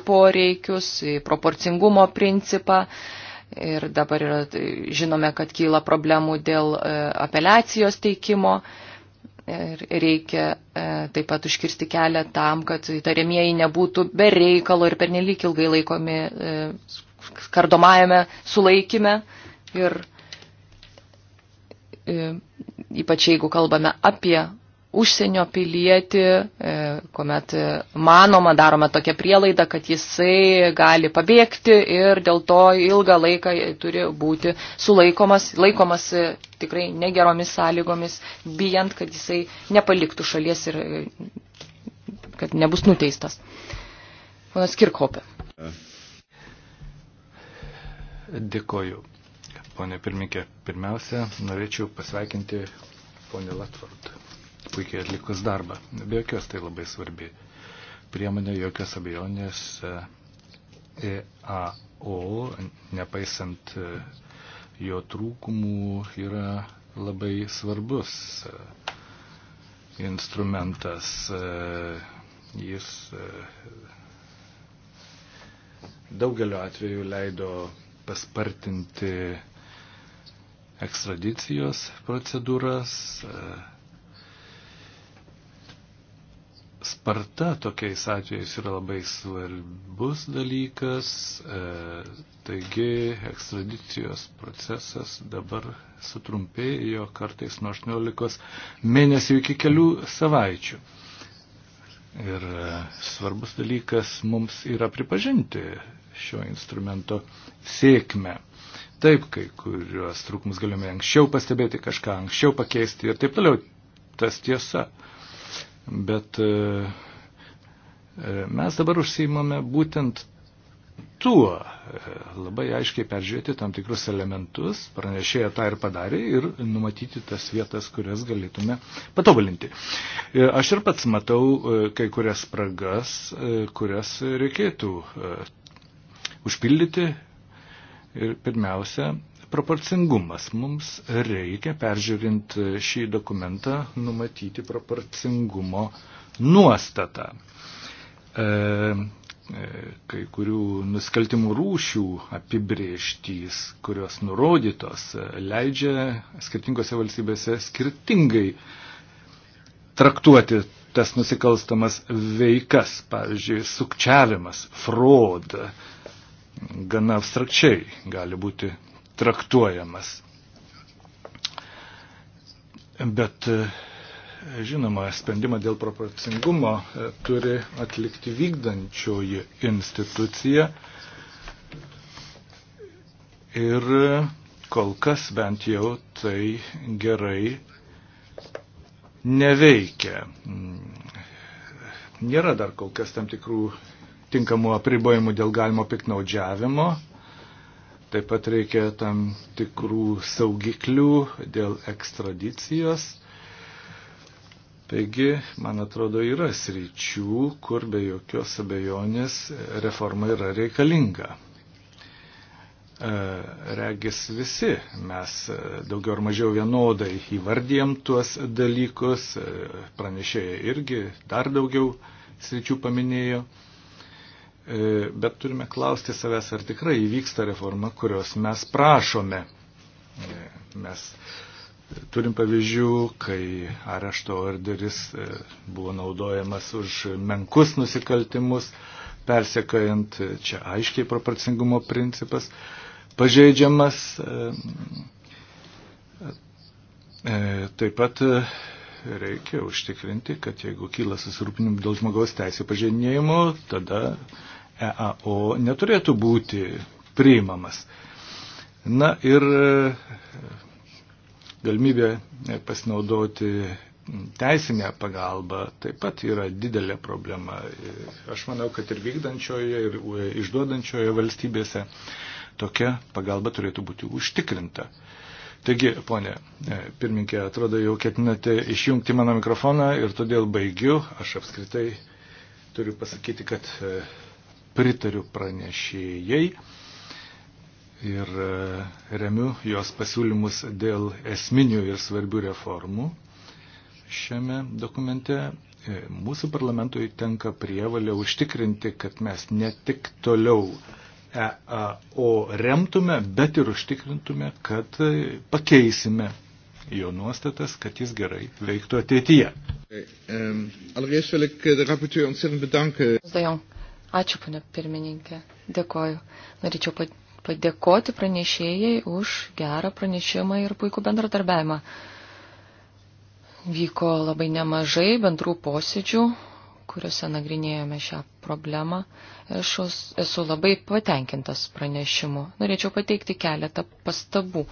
poreikius, į proporcingumo principą. Ir dabar yra, žinome, kad kyla problemų dėl e, apeliacijos teikimo. Ir reikia e, taip pat užkirsti kelią tam, kad įtariamieji nebūtų be reikalo ir pernelyg ilgai laikomi e, kardomajame sulaikime ir e, ypač jeigu kalbame apie užsienio pilietį, e, kuomet manoma, daroma tokia prielaida, kad jisai gali pabėgti ir dėl to ilgą laiką turi būti sulaikomas, laikomas e, tikrai negeromis sąlygomis, bijant, kad jisai nepaliktų šalies ir kad nebus nuteistas. Ponas Kirkhopė. Uh. Dėkoju. Pone pirmininkė, pirmiausia, norėčiau pasveikinti ponę Latvard. Puikiai atlikus darbą. Be jokios tai labai svarbi priemonė, jokios abejonės. EAO, e nepaisant e, jo trūkumų, yra labai svarbus e, instrumentas. Jis daugeliu atveju leido paspartinti ekstradicijos procedūras. Sparta tokiais atvejais yra labai svarbus dalykas, taigi ekstradicijos procesas dabar sutrumpėjo kartais nuo 18 mėnesių iki kelių savaičių. Ir svarbus dalykas mums yra pripažinti šio instrumento sėkmę. Taip, kai kuriuos trūkumus galime anksčiau pastebėti, kažką anksčiau pakeisti ir taip toliau. Tas tiesa. Bet e, e, mes dabar užsiimame būtent tuo e, labai aiškiai peržiūrėti tam tikrus elementus, pranešėja tą ir padarė ir numatyti tas vietas, kurias galėtume patobulinti. Aš ir pats matau kai kurias spragas, kurias reikėtų užpildyti. Ir pirmiausia, proporcingumas. Mums reikia, peržiūrint šį dokumentą, numatyti proporcingumo nuostatą. E, e kai kurių nusikaltimų rūšių apibrieštys, kurios nurodytos, leidžia skirtingose valstybėse skirtingai traktuoti tas nusikalstamas veikas, pavyzdžiui, sukčiavimas, fraud, gana abstrakčiai gali būti traktuojamas. Bet e, žinoma, sprendimą dėl proporcingumo e, turi atlikti vykdančioji institucija. Ir e, kol kas bent jau tai gerai neveikia. Nėra dar kol kas tam tikrų tinkamų apribojimų dėl galimo piknaudžiavimo. Taip pat reikia tam tikrų saugiklių dėl ekstradicijos. Taigi, man atrodo, yra sričių, kur be jokios abejonės reforma yra reikalinga. E, regis visi mes e, daugiau ar mažiau vienodai įvardėm tuos dalykus, e, pranešėjai irgi dar daugiau sričių paminėjo. E, bet turime klausti savęs, ar tikrai įvyksta reforma, kurios mes prašome. E, mes turim pavyzdžių, kai arešto orderis e, buvo naudojamas už menkus nusikaltimus, persekojant čia aiškiai proporcingumo principas, pažeidžiamas taip pat reikia užtikrinti, kad jeigu kyla susirūpinim dėl žmogaus teisų pažeidinėjimo, tada EAO neturėtų būti priimamas. Na ir e, galimybė e, pasinaudoti teisinę pagalbą taip pat yra didelė problema. E, aš manau, kad ir vykdančioje, ir išduodančioje valstybėse tokia pagalba turėtų būti užtikrinta. Taigi, ponė, pirminkė, atrodo, jau ketinate išjungti mano mikrofoną ir todėl baigiu. Aš apskritai turiu pasakyti, kad pritariu pranešėjai ir e, remiu jos pasiūlymus dėl esminių ir svarbių reformų šiame dokumente. E, mūsų parlamentui tenka prievalė užtikrinti, kad mes ne tik toliau EAO remtume, bet ir užtikrintume, kad e, pakeisime jo nuostatas, kad jis gerai veiktų ateityje. Allereerst wil ik eh, de rapporteur ontzettend bedanken. Ačiū, ponė pirmininkė. Dėkoju. Norėčiau padėkoti pranešėjai už gerą pranešimą ir puikų bendradarbiavimą. Vyko labai nemažai bendrų posėdžių, kuriuose nagrinėjome šią problemą. Aš esu labai patenkintas pranešimu. Norėčiau pateikti keletą pastabų.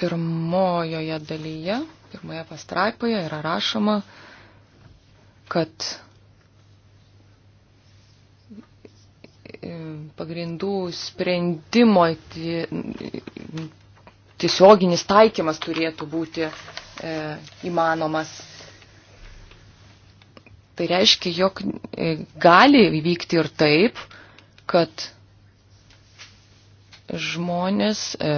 Pirmojoje dalyje pirmoje pastraipoje yra rašoma, kad e, pagrindų sprendimo tiesioginis taikymas turėtų būti e, įmanomas. Tai reiškia, jog e, gali įvykti ir taip, kad žmonės e,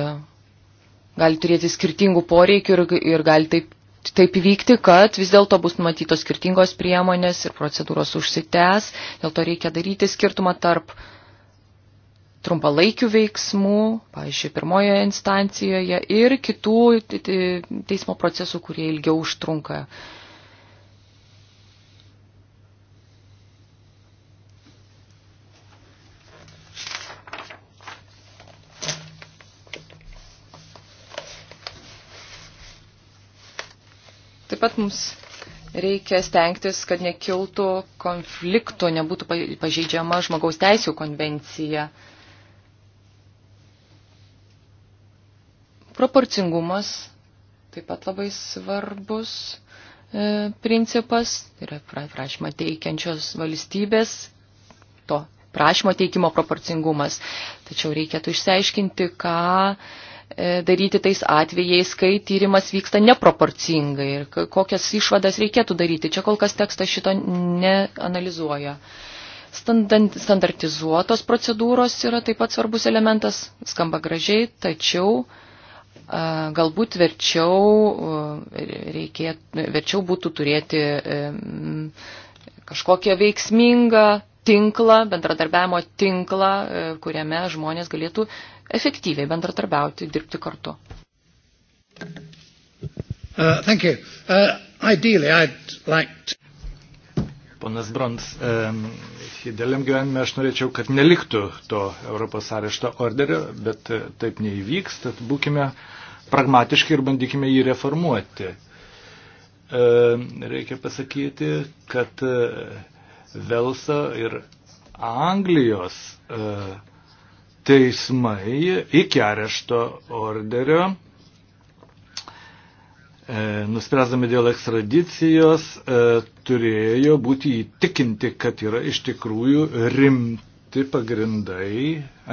gali turėti skirtingų poreikių ir, ir gali taip, taip įvykti, kad vis dėlto bus numatytos skirtingos priemonės ir procedūros užsitęs. Dėl to reikia daryti skirtumą tarp trumpalaikių veiksmų, pavyzdžiui, pirmojoje instancijoje ir kitų teismo procesų, kurie ilgiau užtrunka Taip pat mums reikia stengtis, kad nekiltų konfliktų, nebūtų pažeidžiama žmogaus teisų konvencija. Proporcingumas taip pat labai svarbus e, principas, tai yra prašymą teikiančios valstybės, to prašymo teikimo proporcingumas. Tačiau reikėtų išsiaiškinti, ką E, daryti tais atvejais, kai tyrimas vyksta neproporcingai ir kokias išvadas reikėtų daryti. Čia kol kas tekstas šito neanalizuoja. Standartizuotos procedūros yra taip pat svarbus elementas, skamba gražiai, tačiau galbūt verčiau, e, reikėt, verčiau būtų turėti e, kažkokią veiksmingą tinklą, bendradarbiavimo tinklą, kuriame žmonės galėtų efektyviai bendratarbiauti, dirbti kartu. Uh, thank you. Uh, ideally, I'd like to... Ponas Brons, um, idealiam gyvenime aš norėčiau, kad neliktų to Europos arešto orderio, bet uh, taip neįvyks, tad būkime pragmatiški ir bandykime jį reformuoti. Um, reikia pasakyti, kad uh, Velso ir Anglijos uh, teismai iki arešto orderio, e, nuspręsdami dėl ekstradicijos, e, turėjo būti įtikinti, kad yra iš tikrųjų rimti pagrindai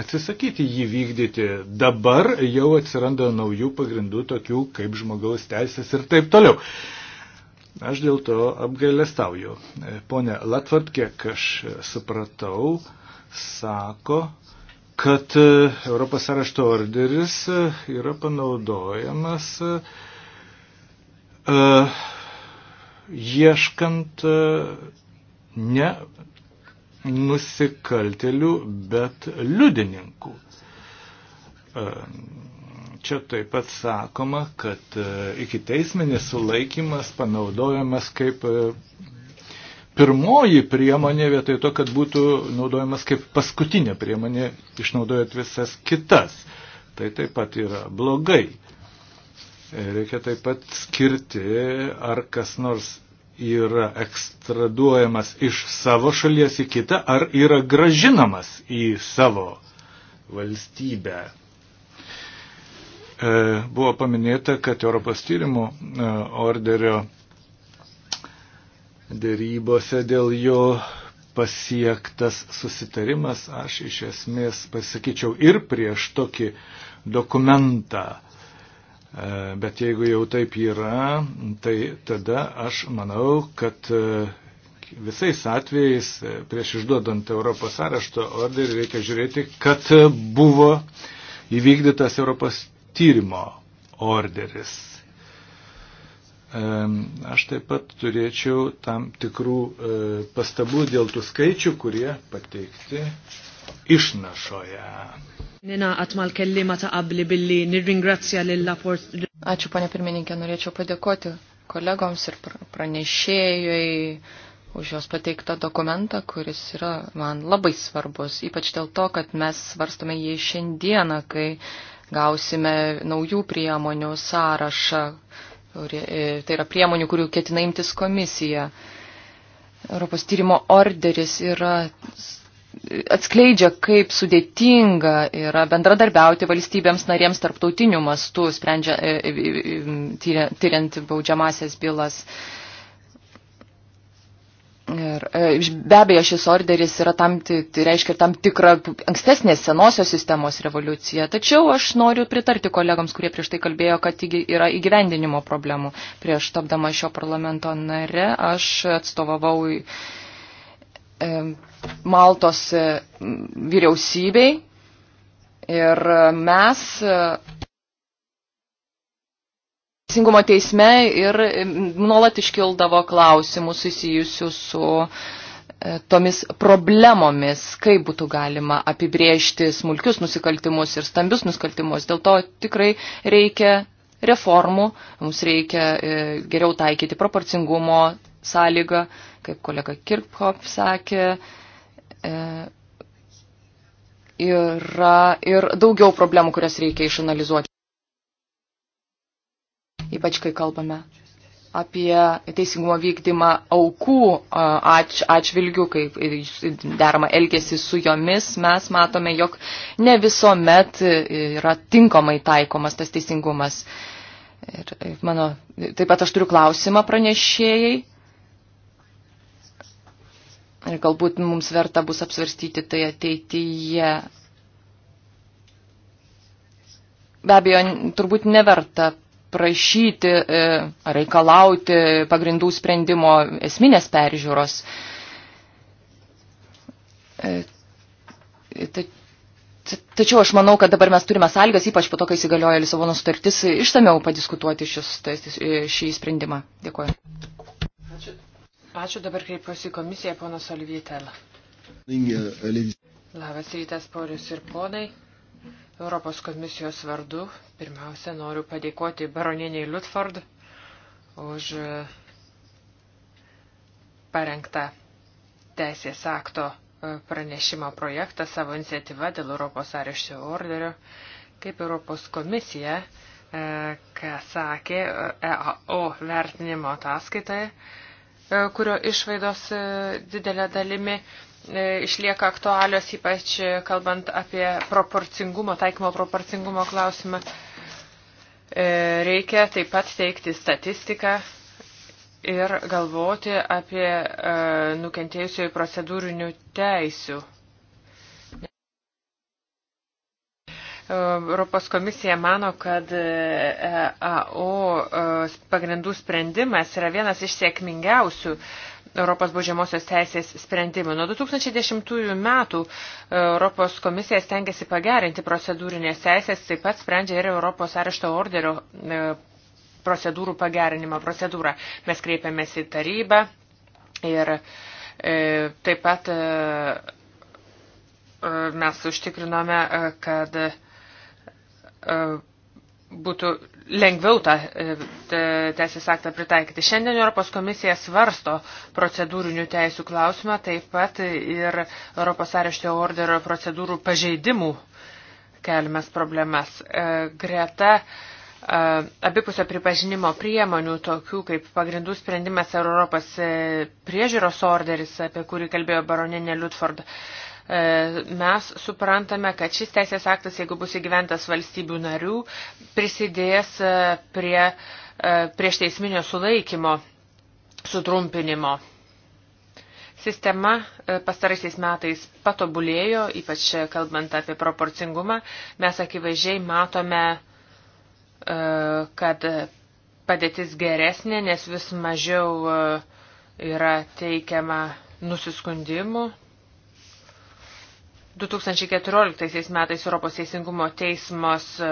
atsisakyti jį vykdyti. Dabar jau atsiranda naujų pagrindų, tokių kaip žmogaus teisės ir taip toliau. Aš dėl to apgailestauju. E, pone Latvart, kiek aš supratau, sako, kad e, Europos arešto orderis e, yra panaudojamas uh, ieškant ne nusikaltelių, bet liudininkų. Uh, čia taip pat sakoma, kad iki teisminis sulaikimas panaudojamas kaip pirmoji priemonė vietoj to, kad būtų naudojamas kaip paskutinė priemonė, išnaudojant visas kitas. Tai taip pat yra blogai. Reikia taip pat skirti, ar kas nors yra ekstraduojamas iš savo šalies į kitą, ar yra gražinamas į savo valstybę. E, buvo paminėta, kad Europos tyrimų e, orderio dėrybose dėl jo pasiektas susitarimas, aš iš esmės pasakyčiau ir prieš tokį dokumentą. E, bet jeigu jau taip yra, tai tada aš manau, kad e, visais atvejais e, prieš išduodant Europos arešto orderį reikia žiūrėti, kad buvo įvykdytas Europos tyrimo orderis. Aš taip pat turėčiau tam tikrų e, pastabų dėl tų skaičių, kurie pateikti išnašoje. Nina atmal kellimą ta qabli billi nirringrazzja lill-rapport. Ačiū, ponė pirmininkė, norėčiau padėkoti kolegoms ir pranešėjai už jos pateiktą dokumentą, kuris yra man labai svarbus, ypač dėl to, kad mes svarstome jį šiandieną, kai gausime naujų priemonių sąrašą, E, tai yra priemonių, kurių ketina imtis komisija. Europos tyrimo orderis yra atskleidžia, kaip sudėtinga yra bendradarbiauti valstybėms narėms tarptautiniu mastu, sprendžia, e, e, tyriant baudžiamasias bylas. E, e, Ir e, be abejo, šis orderis yra tam, tai reiškia tam tikrą ankstesnės senosios sistemos revoliuciją. Tačiau aš noriu pritarti kolegams, kurie prieš tai kalbėjo, kad yra įgyvendinimo problemų. Prieš tapdama šio parlamento nare, aš atstovavau e, Maltos e, vyriausybei ir mes teisingumo teisme ir nuolat iškildavo klausimų susijusių su e, tomis problemomis, kaip būtų galima apibriežti smulkius nusikaltimus ir stambius nusikaltimus. Dėl to tikrai reikia reformų, mums reikia e, geriau taikyti proporcingumo sąlygą, kaip kolega Kirkhop sakė. E, yra ir daugiau problemų, kurias reikia išanalizuoti ypač kai kalbame apie teisingumo vykdymą aukų atš, atšvilgių, kaip derama elgesi su jomis, mes matome, jog ne visuomet yra tinkamai taikomas tas teisingumas. Ir e, mano, taip pat aš turiu klausimą pranešėjai. Ir galbūt mums verta bus apsvarstyti tai ateityje. Be abejo, turbūt neverta prašyti, e, reikalauti pagrindų sprendimo esminės peržiūros. E, tačiau aš manau, kad dabar mes turime sąlygas, ypač po to, kai įsigalioja Lisabono sutartis, ištamiau padiskutuoti tai, šis, šį sprendimą. Dėkuoju. Ačiū. Ačiū dabar kreipiuosi į komisiją, ponas Olivietel. Labas rytas, porius ir ponai. Europos komisijos vardu pirmiausia noriu padėkoti baronieniai Lutford už e, parengtą teisės akto e, pranešimo projektą savo iniciatyvą dėl Europos arešto orderio, kaip Europos komisija, e, ką sakė EAO vertinimo ataskaitoje, kurio išvaidos didelė dalimi E, išlieka aktualios, ypač kalbant apie proporcingumo, taikymo proporcingumo klausimą. E, reikia taip pat teikti statistiką ir galvoti apie e, nukentėjusiojų procedūrinių teisių. Europos komisija mano, kad AO pagrindų sprendimas yra vienas iš sėkmingiausių Europos baudžiamosios teisės sprendimų. Nuo 2010 metų e, Europos komisija stengiasi pagerinti procedūrinės teisės, taip pat sprendžia ir Europos arešto orderio e, procedūrų pagerinimo procedūrą. Mes kreipiamės į tarybą ir e, taip pat mes užtikrinome, kad būtų lengviau tą e, teisės aktą pritaikyti. Šiandien Europos komisija svarsto procedūrinių teisų klausimą, taip pat ir Europos areštio orderio procedūrų pažeidimų keliamas problemas. E, greta e, abipusio pripažinimo priemonių, tokių kaip pagrindų sprendimas ar Europos priežiūros orderis, apie kurį kalbėjo baroninė Lutford, E, mes suprantame, kad šis teisės aktas, jeigu bus įgyventas valstybių narių, prisidės e, prie e, prieš teisminio sulaikymo sutrumpinimo. Sistema pastaraisiais metais patobulėjo, ypač kalbant apie proporcingumą. Mes akivaizdžiai matome, kad padėtis geresnė, nes vis mažiau yra teikiama nusiskundimų, 2014 metais Europos teisingumo teismas e,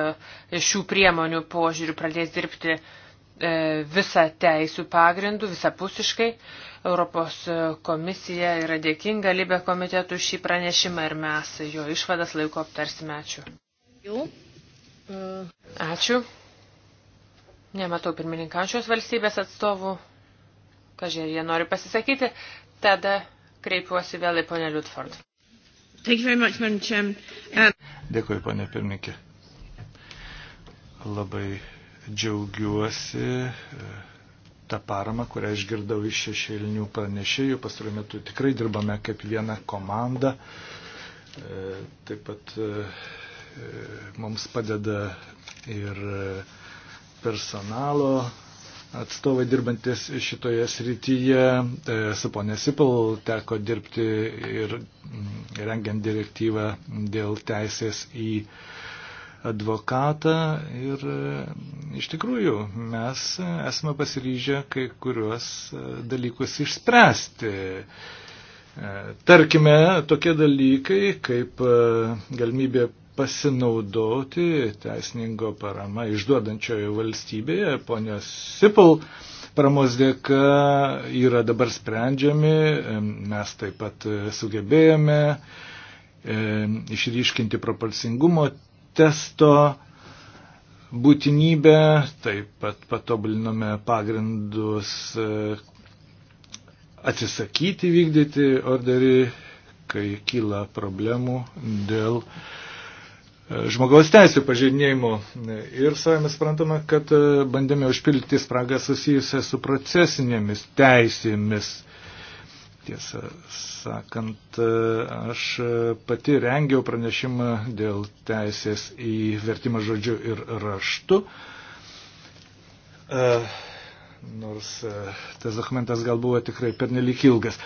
šių priemonių požiūrių pradės dirbti e, visą teisų pagrindų, visapusiškai. Europos e, komisija yra dėkinga Libė komitetų šį pranešimą ir mes jo išvadas laiko aptarsime. Ačiū. Jau. Ačiū. Nematau pirmininkančios valstybės atstovų. Kažkaip jie nori pasisakyti. Tada kreipiuosi vėl į ponę Liutford. Much, And... Um, Dėkui, ponė pirmininkė. Labai džiaugiuosi e, tą paramą, kurią išgirdau iš šešėlinių pranešėjų. Pastaruoju metu tikrai dirbame kaip viena komanda. E, taip pat e, mums padeda ir personalo atstovai dirbantis šitoje srityje. E, su ponė Sipil teko dirbti ir mm, rengiant direktyvą dėl teisės į advokatą ir e, iš tikrųjų mes esame pasiryžę kai kuriuos e, dalykus išspręsti. Tarkime, tokie dalykai kaip galimybė pasinaudoti teisininko parama išduodančioje valstybėje. Ponios Sipul paramos dėka yra dabar sprendžiami, mes taip pat e, sugebėjome e, išryškinti proporcingumo testo būtinybę, taip pat patobulinome pagrindus e, atsisakyti vykdyti orderį, kai kyla problemų dėl uh, žmogaus teisų pažeidinėjimų. Ir savai mes suprantame, kad e, bandėme užpildyti spragą susijusią su procesinėmis teisėmis. Tiesą sakant, e, aš e, pati rengiau pranešimą dėl teisės į vertimą žodžiu ir raštu. Nors tas dokumentas gal buvo tikrai pernelyg ilgas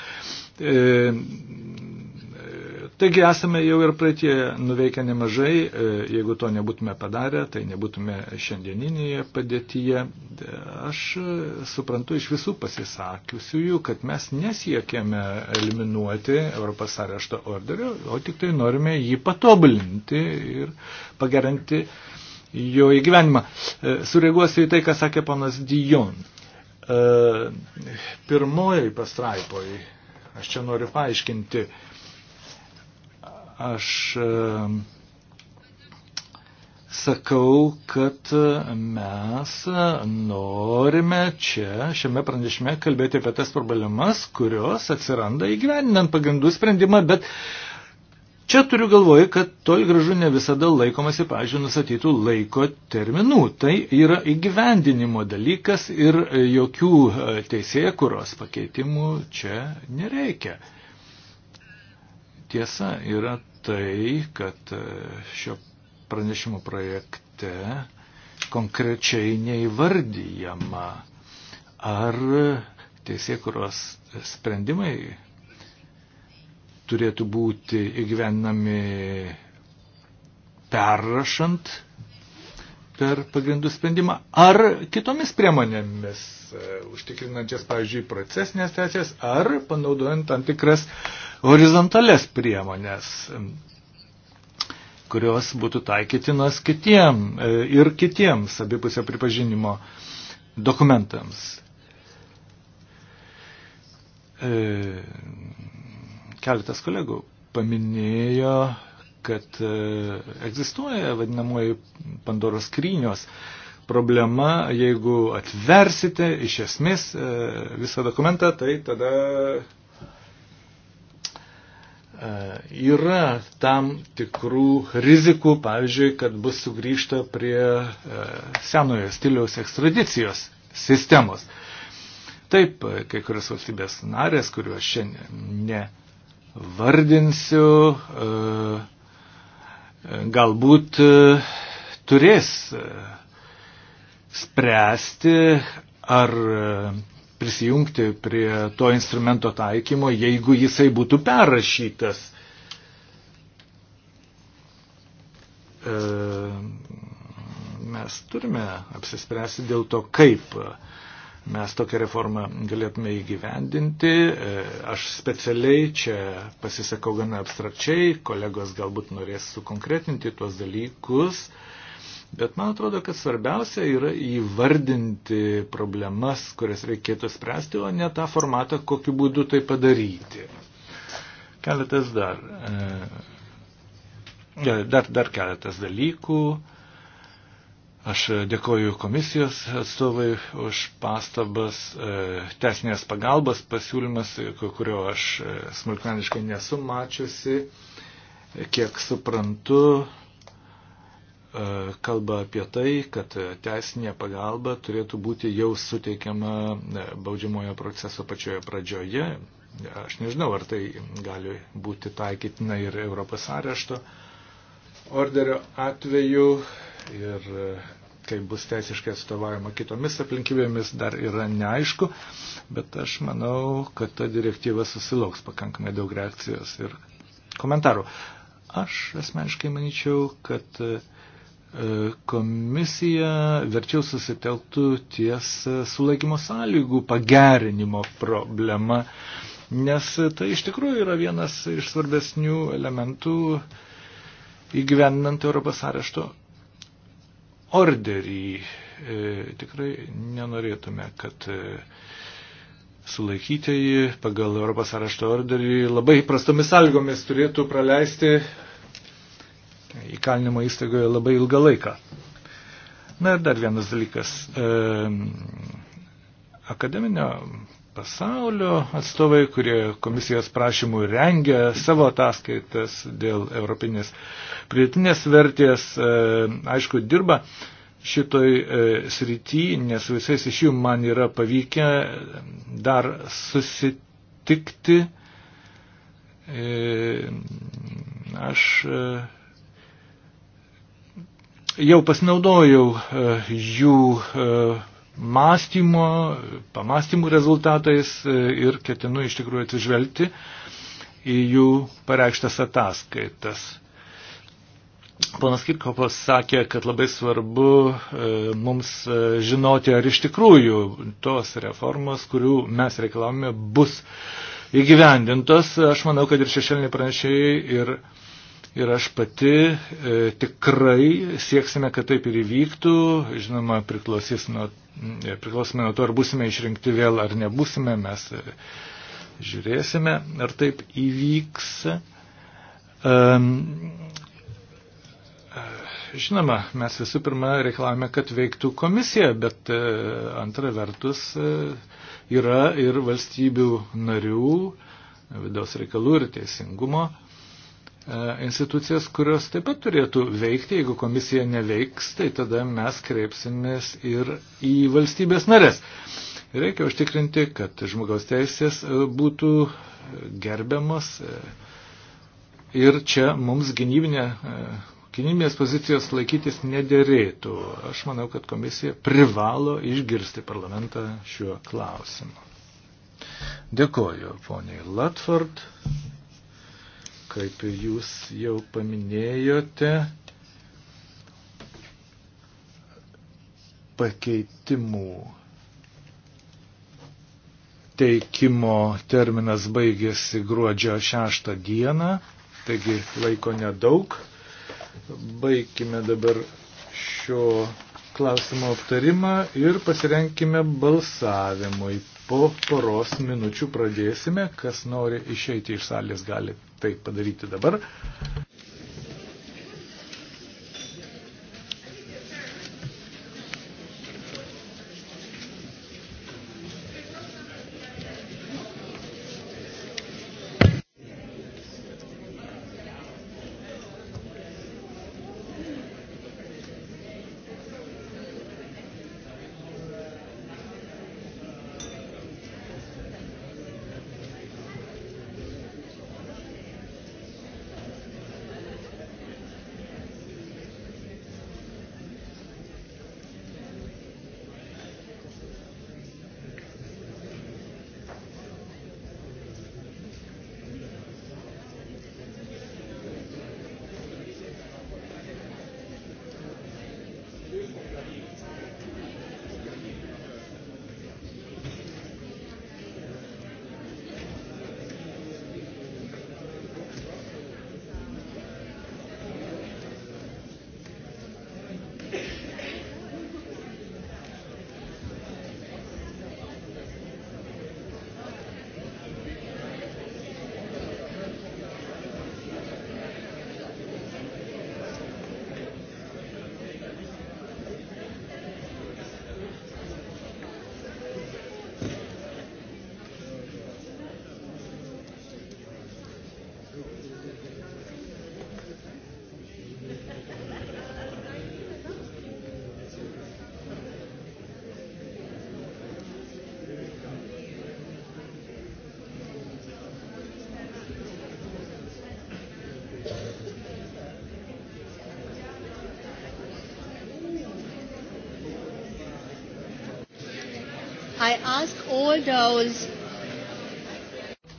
Taigi esame jau ir praeitie nuveikę nemažai, e, jeigu to nebūtume padarę, tai nebūtume šiandieninėje padėtyje. E, aš e, suprantu iš visų pasisakiusiųjų, kad mes nesiekėme eliminuoti Europos arešto orderio, o tik tai norime jį patobulinti ir pagerinti jo įgyvenimą. Sureaguosiu į tai, ką sakė panas Dijon. Pirmoji pastraipoji, aš čia noriu paaiškinti, aš e, sakau, kad mes norime čia, šiame pranešime, kalbėti apie tas problemas, kurios atsiranda įgyvendinant pagrindų sprendimą, bet Čia turiu galvoje, kad toli gražu ne visada laikomasi, pažiūrėjau, nusatytų laiko terminų. Tai yra įgyvendinimo dalykas ir jokių e, teisėjų, kurios pakeitimų čia nereikia. Tiesa yra tai, kad e, šio pranešimo projekte konkrečiai neįvardyjama, ar teisėkuros sprendimai turėtų būti įgyvenami perrašant per pagrindų sprendimą ar kitomis priemonėmis, e, užtikrinančias, pavyzdžiui, procesinės teisės, ar panaudojant tam tikras uh, horizontales priemonės, kurios būtų taikytinas kitiem e, ir kitiems abipusio pripažinimo dokumentams. E, keletas kolegų paminėjo, kad e, egzistuoja vadinamoji Pandoros skrynios problema, jeigu atversite iš esmės visą dokumentą, tai tada E, yra tam tikrų rizikų, pavyzdžiui, kad bus sugrįžta prie e, senojo stiliaus ekstradicijos sistemos. Taip, kai kurios valstybės narės, kuriuos šiandien nevardinsiu, e, galbūt turės spręsti, ar prisijungti prie to instrumento taikymo, jeigu jisai būtų perrašytas. E, mes turime apsispręsti dėl to, kaip mes tokią reformą galėtume įgyvendinti. E, aš specialiai čia pasisakau gana abstrakčiai, kolegos galbūt norės sukonkretinti tuos dalykus. Uh, Bet man atrodo, kad svarbiausia yra įvardinti problemas, kurias reikėtų spręsti, o ne tą formatą, kokiu būdu tai padaryti. Keletas dar, e, e, dar, dar keletas dalykų. Aš dėkoju komisijos atstovai už pastabas, e, tesnės pagalbas pasiūlymas, kurio aš smulkmeniškai nesu mačiusi. Kiek suprantu, E, kalba apie tai, kad teisinė pagalba turėtų būti jau suteikiama e, baudžiamojo proceso pačioje pradžioje. Aš nežinau, ar tai gali būti taikytina ir Europos arešto orderio atveju ir e, kaip bus teisiškai atstovaujama kitomis aplinkybėmis dar yra neaišku, bet aš manau, kad ta direktyva susilauks pakankamai daug reakcijos ir komentarų. Aš asmeniškai manyčiau, kad uh, E, komisija verčiau susitelktų ties e, sulaikymo sąlygų pagerinimo problema, nes tai iš tikrųjų yra vienas iš svarbesnių elementų įgyvendinant Europos arešto orderį. E, tikrai nenorėtume, kad e, sulaikytieji pagal Europos arešto orderį labai prastomis sąlygomis turėtų praleisti įkalinimo įstaigoje labai ilgą laiką. Na ir dar vienas dalykas. Akademinio pasaulio atstovai, kurie komisijos prašymų rengia savo ataskaitas dėl europinės pridėtinės vertės, e, aišku, dirba šitoj e, srity, nes visais iš jų man yra pavykę dar susitikti. E, aš jau pasinaudojau e, jų e, mąstymo, pamastymų rezultatais e, ir ketinu iš tikrųjų atsižvelgti į jų pareikštas ataskaitas. Ponas Kirkopas sakė, kad labai svarbu mums žinoti, ar iš tikrųjų tos reformos, kurių mes reikalavome, bus įgyvendintos. Aš manau, kad ir šešėliniai pranešėjai ir uh, Ir aš pati e, tikrai sieksime, kad taip ir įvyktų. Žinoma, nuo, e, priklausome nuo to, ar būsime išrinkti vėl ar nebūsime. Mes e, žiūrėsime, ar taip įvyks. E, Žinoma, mes visų pirma reikalavome, kad veiktų komisija, bet e, antra vertus e, yra ir valstybių narių, vidaus reikalų ir teisingumo E, institucijas, kurios taip pat turėtų veikti. Jeigu komisija neveiks, tai tada mes kreipsimės ir į valstybės narės. Reikia užtikrinti, kad žmogaus teisės e, būtų gerbiamas e, ir čia mums gynybinė, gynybinės pozicijos laikytis nederėtų. Aš manau, kad komisija privalo išgirsti parlamentą šiuo klausimu. Dėkoju, poniai Latford kaip jūs jau paminėjote, pakeitimų teikimo terminas baigėsi gruodžio 6 dieną, taigi laiko nedaug. Baigime dabar šio klausimo aptarimą ir pasirenkime balsavimui. Po poros minučių pradėsime. Kas nori išeiti iš salės, gali tai padaryti dabar.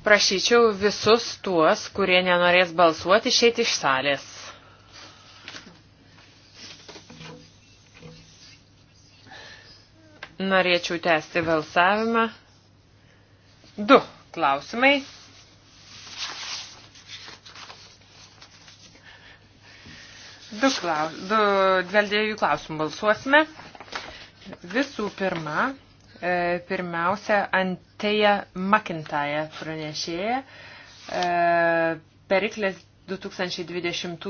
Prašyčiau visus tuos, kurie nenorės balsuoti, išeiti iš salės. Norėčiau tęsti balsavimą. Du klausimai. Du, klaus, du, dėl dviejų klausimų balsuosime. Visų pirma, E, pirmiausia, Anteja McIntyre pranešėja e, Periklės 2020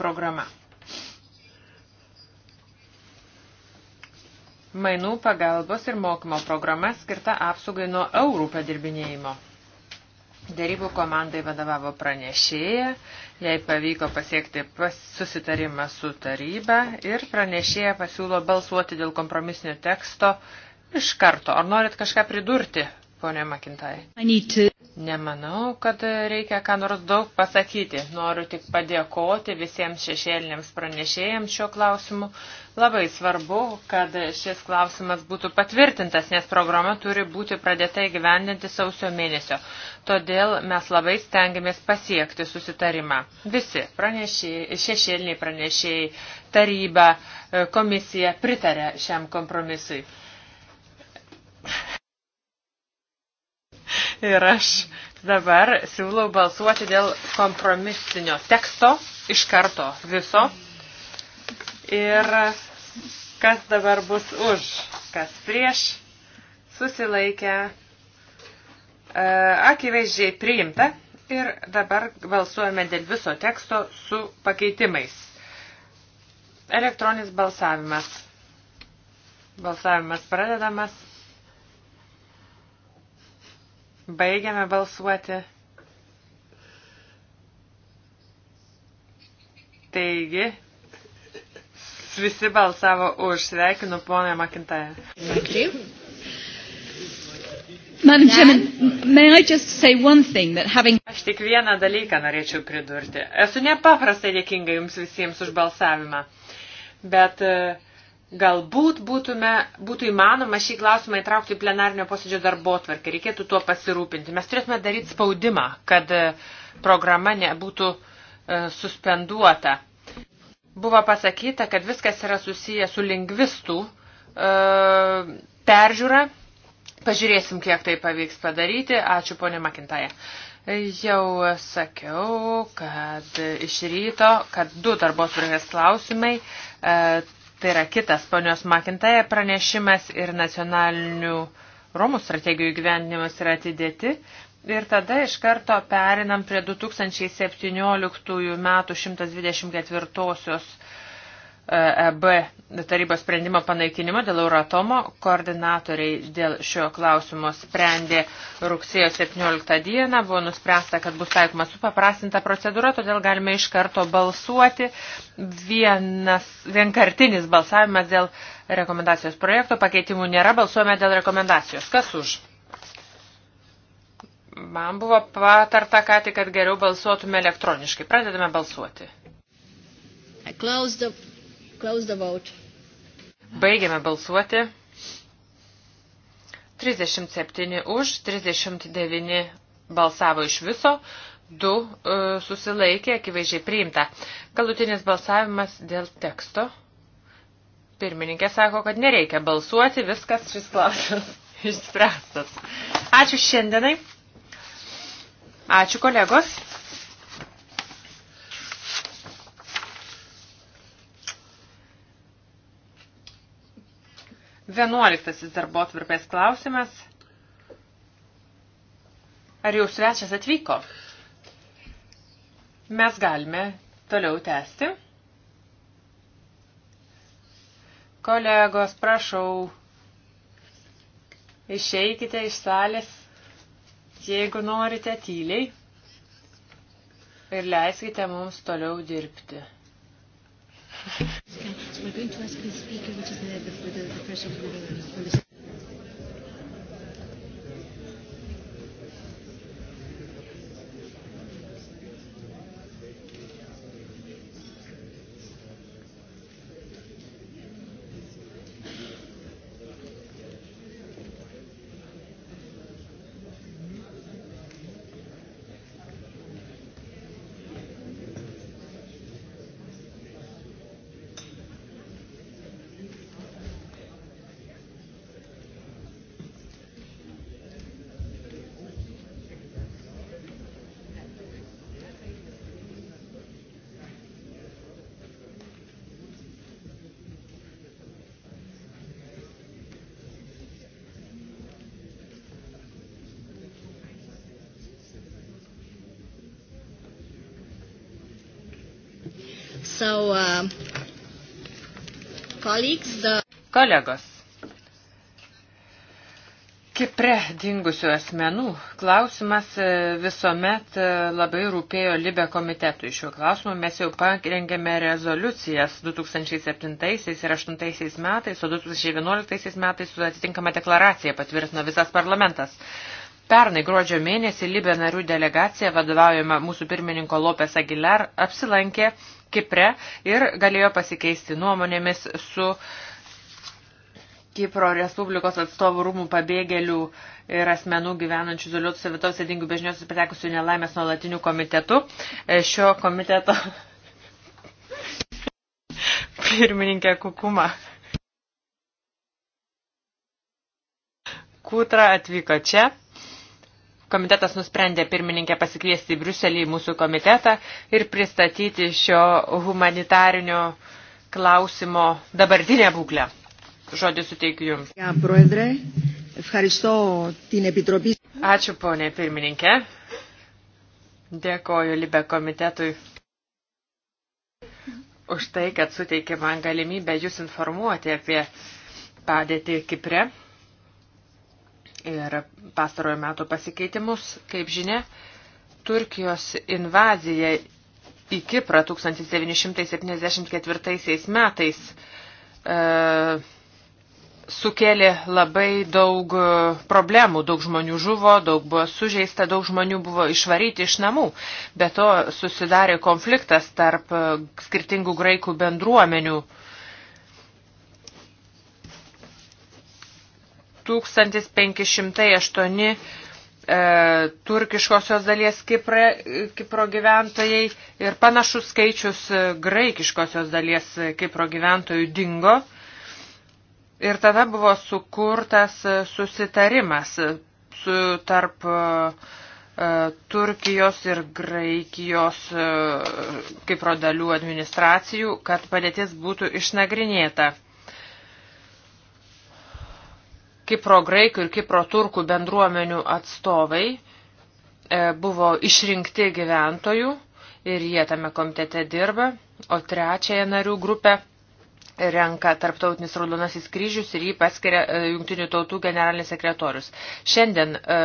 programa. Mainų pagalbos ir mokymo programa skirta apsaugai nuo eurų padirbinėjimo. Dėrybų komandai vadovavo pranešėja, jai pavyko pasiekti pas susitarimą su taryba ir pranešėja pasiūlo balsuoti dėl kompromisinio teksto Iš karto, ar norit kažką pridurti, ponė Makintai? To... Nemanau, kad reikia ką nors daug pasakyti. Noriu tik padėkoti visiems šešėliniams pranešėjams šiuo klausimu. Labai svarbu, kad šis klausimas būtų patvirtintas, nes programa turi būti pradėta įgyvendinti sausio mėnesio. Todėl mes labai stengiamės pasiekti susitarimą. Visi pranešėjai, šešėliniai pranešėjai, taryba, e, komisija pritarė šiam kompromisui. Ir aš dabar siūlau balsuoti dėl kompromisinio teksto iš karto viso. Ir kas dabar bus už, kas prieš, susilaikę, e, akivaizdžiai priimta. Ir dabar balsuojame dėl viso teksto su pakeitimais. Elektroninis balsavimas. Balsavimas pradedamas. Baigiame balsuoti. Taigi, visi balsavo už. Sveikinu ponę Makintają. Aš tik vieną dalyką norėčiau pridurti. Esu nepaprastai dėkinga jums visiems už balsavimą. Bet uh, Galbūt būtume, būtų įmanoma šį klausimą įtraukti į plenarnio posėdžio darbo tvarkę. Reikėtų tuo pasirūpinti. Mes turėtume daryti spaudimą, kad e, programa nebūtų e, suspenduota. Buvo pasakyta, kad viskas yra susiję su lingvistų e, peržiūra. Pažiūrėsim, kiek tai pavyks padaryti. Ačiū, ponė Makintaja. Jau sakiau, kad iš ryto, kad du darbos klausimai. E, Tai yra kitas ponios Makintaja pranešimas ir nacionalinių Romų strategijų gyvenimas yra atidėti. Ir tada iš karto perinam prie 2017 metų 124 EB tarybos sprendimo panaikinimo dėl Euratomo. Koordinatoriai dėl šio klausimo sprendė rugsėjo 17 dieną. Buvo nuspręsta, kad bus taikoma supaprastinta procedūra, todėl galime iš karto balsuoti. Vienas, vienkartinis balsavimas dėl rekomendacijos projekto. Pakeitimų nėra, balsuojame dėl rekomendacijos. Kas už? Man buvo patarta, ką tik, kad geriau balsuotume elektroniškai. Pradedame balsuoti. I close the Close the vote. Baigiame balsuoti. 37 už, 39 balsavo iš viso, 2 e, susilaikė, akivaizdžiai priimta. Galutinis balsavimas dėl teksto. Pirmininkė sako, kad nereikia balsuoti, viskas šis klausimas [LAUGHS] išspręstas. Ačiū šiandienai. Ačiū kolegos. Vienuoliktasis darbo atvirpės klausimas. Ar jau svečias atvyko? Mes galime toliau tęsti. Kolegos, prašau, išeikite iš salės, jeigu norite tyliai ir leiskite mums toliau dirbti. We're going to ask the speaker, which is the, the, the, the person from the, from the Kolegos, Kipre dingusių asmenų klausimas e, visuomet e, labai rūpėjo Libe komitetui. Šiuo klausimu mes jau parengėme rezoliucijas 2007 ir 2008 metais, o 2011 metais atitinkama deklaracija patvirtino visas parlamentas. Pernai gruodžio mėnesį Libė narių delegacija, vadovaujama mūsų pirmininko Lopes Aguilar, apsilankė Kipre ir galėjo pasikeisti nuomonėmis su Kipro Respublikos atstovų rūmų pabėgėlių ir asmenų gyvenančių izoliuotose vietose dingių bežniuose patekusių nelaimės nuolatiniu komitetu. E, šio komiteto [LAUGHS] pirmininkė Kukuma. Kutra atvyko čia. Komitetas nusprendė pirmininkę pasikviesti į Briuselį į mūsų komitetą ir pristatyti šio humanitarinio klausimo dabartinę būklę. Žodį suteikiu Jums. Ja, proedre, Ačiū, ponė pirmininkė. Dėkoju Libe komitetui už tai, kad suteikė man galimybę Jūs informuoti apie padėtį Kipre ir pastarojo meto pasikeitimus. Kaip žinia, Turkijos invazija į Kiprą 1974 metais e, sukėlė labai daug e, problemų. Daug žmonių žuvo, daug buvo sužeista, daug žmonių buvo išvaryti iš namų. Be to susidarė konfliktas tarp e, skirtingų graikų bendruomenių. E, 1508 e, turkiškosios dalies Kipra, Kipro gyventojai ir panašus skaičius graikiškosios dalies Kipro gyventojų dingo. Ir tada buvo sukurtas susitarimas su tarp e, e, Turkijos ir Graikijos Kipro dalių administracijų, kad padėtis būtų išnagrinėta. Kipro graikų ir Kipro turkų bendruomenių atstovai e, buvo išrinkti gyventojų ir jie tame komitete dirba, o trečiąją narių grupę renka Tarptautinis Raudonasis kryžius ir jį paskiria e, Jungtinių tautų generalinis sekretorius. Šiandien e,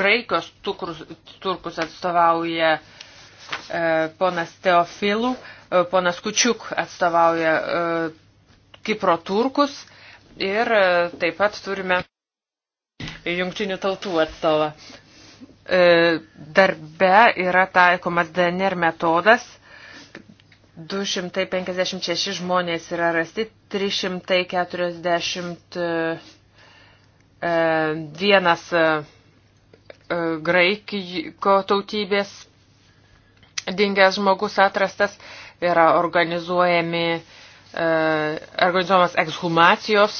Graikijos tukrus, turkus atstovauja e, ponas Teofilų, e, ponas Kučiuk atstovauja e, Kipro turkus ir e, taip pat turime jungtinių tautų atstovą. E, darbe yra taikomas DNR metodas. 256 žmonės yra rasti, 341 e, graikiko tautybės dingęs žmogus atrastas, yra organizuojami uh, E, organizuojamas ekshumacijos,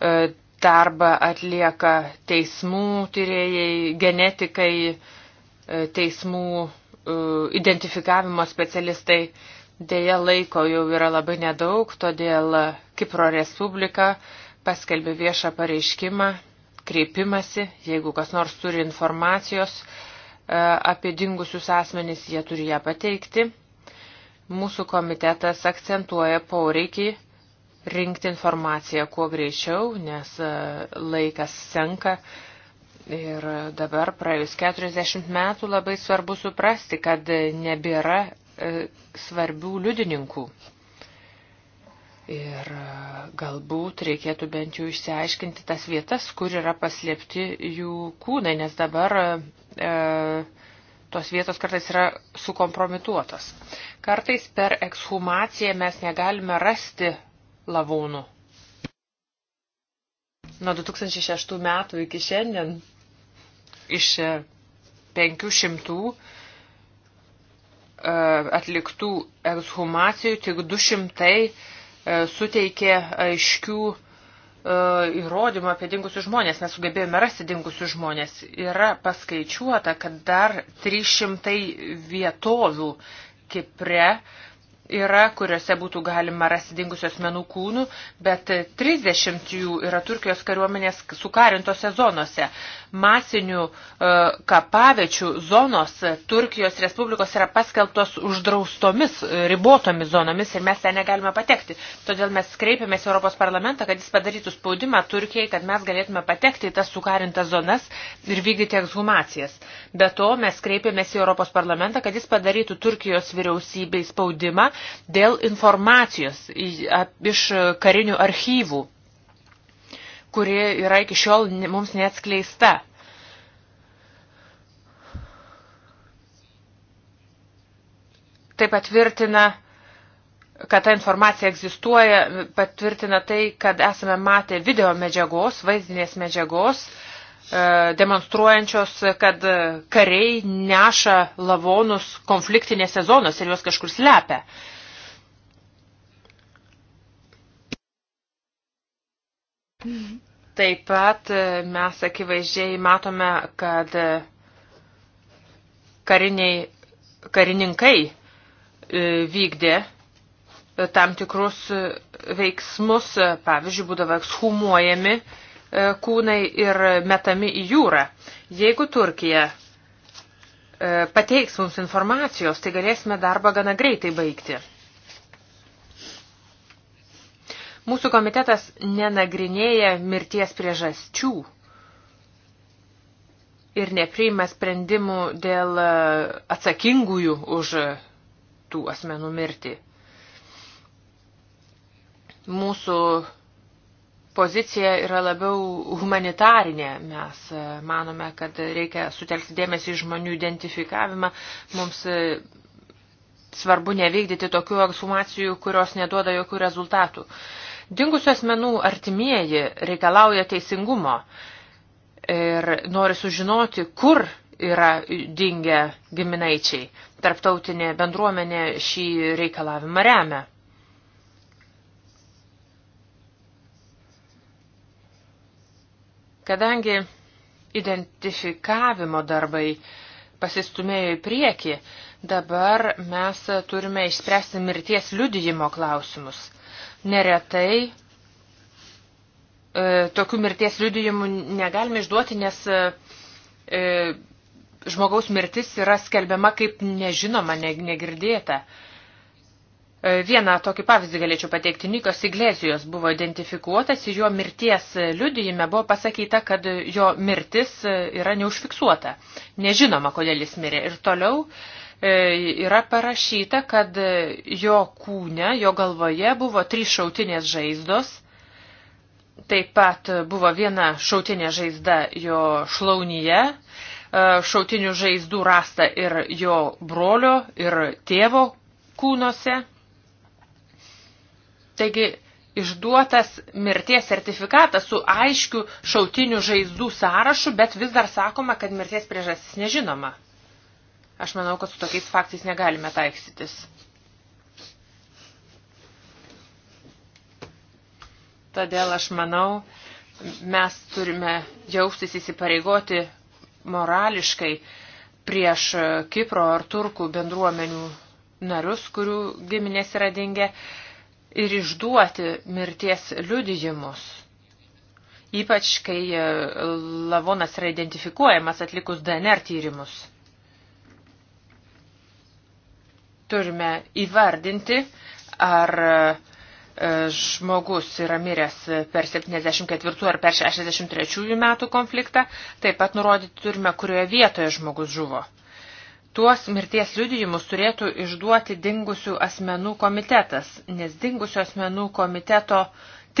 e, darbą atlieka teismų tyrėjai, genetikai, e, teismų identifikavimo specialistai. Deja, laiko jau yra labai nedaug, todėl Kipro Respublika paskelbė viešą pareiškimą, kreipimasi, jeigu kas nors turi informacijos apie dingusius asmenys, jie turi ją pateikti. Mūsų komitetas akcentuoja poreikį rinkti informaciją kuo greičiau, nes e, laikas senka. Ir dabar praėjus 40 metų labai svarbu suprasti, kad nebėra e, svarbių liudininkų. Ir e, galbūt reikėtų bent jau išsiaiškinti tas vietas, kur yra paslėpti jų kūnai, nes dabar e, tos vietos kartais yra sukompromituotos. Kartais per ekshumaciją mes negalime rasti lavūnų. Nuo 2006 metų iki šiandien iš 500 e, atliktų ekshumacijų tik 200 e, suteikė aiškių E, įrodymų apie dingusius žmonės, nesugebėjome rasti dingusius žmonės. Yra paskaičiuota, kad dar 300 vietovių Kipre yra, kuriuose būtų galima rasti dingusios menų kūnų, bet 30 jų yra Turkijos kariuomenės sukarintose zonose. Masinių e, kapavečių zonos Turkijos Respublikos yra paskelbtos uždraustomis, e, ribotomis zonomis ir mes ten negalime patekti. Todėl mes kreipiamės Europos parlamentą, kad jis padarytų spaudimą Turkijai, kad mes galėtume patekti į tas sukarintas zonas ir vykdyti ekshumacijas. Be to mes kreipiamės į Europos parlamentą, kad jis padarytų Turkijos vyriausybei spaudimą, dėl informacijos iš karinių archyvų, kuri yra iki šiol mums neatskleista. Tai patvirtina kad ta informacija egzistuoja, patvirtina tai, kad esame matę video medžiagos, vaizdinės medžiagos, uh, E, demonstruojančios, kad kariai neša lavonus konfliktinėse zonose ir juos kažkur slepia. Taip pat e, mes akivaizdžiai matome, kad e, kariniai, karininkai vykdė tam tikrus veiksmus, pavyzdžiui, būdavo ekshumuojami E, kūnai ir metami į jūrą. Jeigu Turkija e, pateiks mums informacijos, tai galėsime darbą gana greitai baigti. Mūsų komitetas nenagrinėja mirties priežasčių ir nepriima sprendimų dėl e, atsakingųjų už tų asmenų mirtį. Mūsų pozicija yra labiau humanitarinė. Mes e, manome, kad reikia sutelkti dėmesį į žmonių identifikavimą. Mums e, svarbu nevykdyti tokių eksumacijų, kurios neduoda jokių rezultatų. Dingusių asmenų artimieji reikalauja teisingumo ir nori sužinoti, kur yra dingę giminaičiai. Tarptautinė bendruomenė šį reikalavimą remia. Kadangi identifikavimo darbai pasistumėjo į priekį, dabar mes turime išspręsti mirties liudijimo klausimus. Neretai e, tokių mirties liudijimų negalime išduoti, nes e, e žmogaus mirtis yra skelbiama kaip nežinoma, negirdėta. E, E, vieną tokį pavyzdį galėčiau pateikti. Nikos Iglesijos buvo identifikuotas, jo mirties liudijime buvo pasakyta, kad jo mirtis yra neužfiksuota. Nežinoma, kodėl jis mirė. Ir toliau e, yra parašyta, kad jo kūne, jo galvoje buvo trys šautinės žaizdos. Taip pat buvo viena šautinė žaizda jo šlaunyje, e, šautinių žaizdų rasta ir jo brolio, ir tėvo kūnose Taigi išduotas mirties sertifikatas su aiškiu šautinių žaizdų sąrašu, bet vis dar sakoma, kad mirties priežastis nežinoma. Aš manau, kad su tokiais faktais negalime taiksytis. Todėl aš manau, mes turime jaustis įsipareigoti morališkai prieš Kipro ar Turkų bendruomenių narius, kurių giminės yra dingę. Uh, ir išduoti mirties liudijimus. Ypač, kai e, lavonas yra identifikuojamas atlikus DNR tyrimus. Turime įvardinti, ar e, žmogus yra miręs per 74 ar per 63 metų konfliktą, taip pat nurodyti turime, kurioje vietoje žmogus žuvo. Tuos mirties liudijimus turėtų išduoti dingusių asmenų komitetas, nes dingusių asmenų komiteto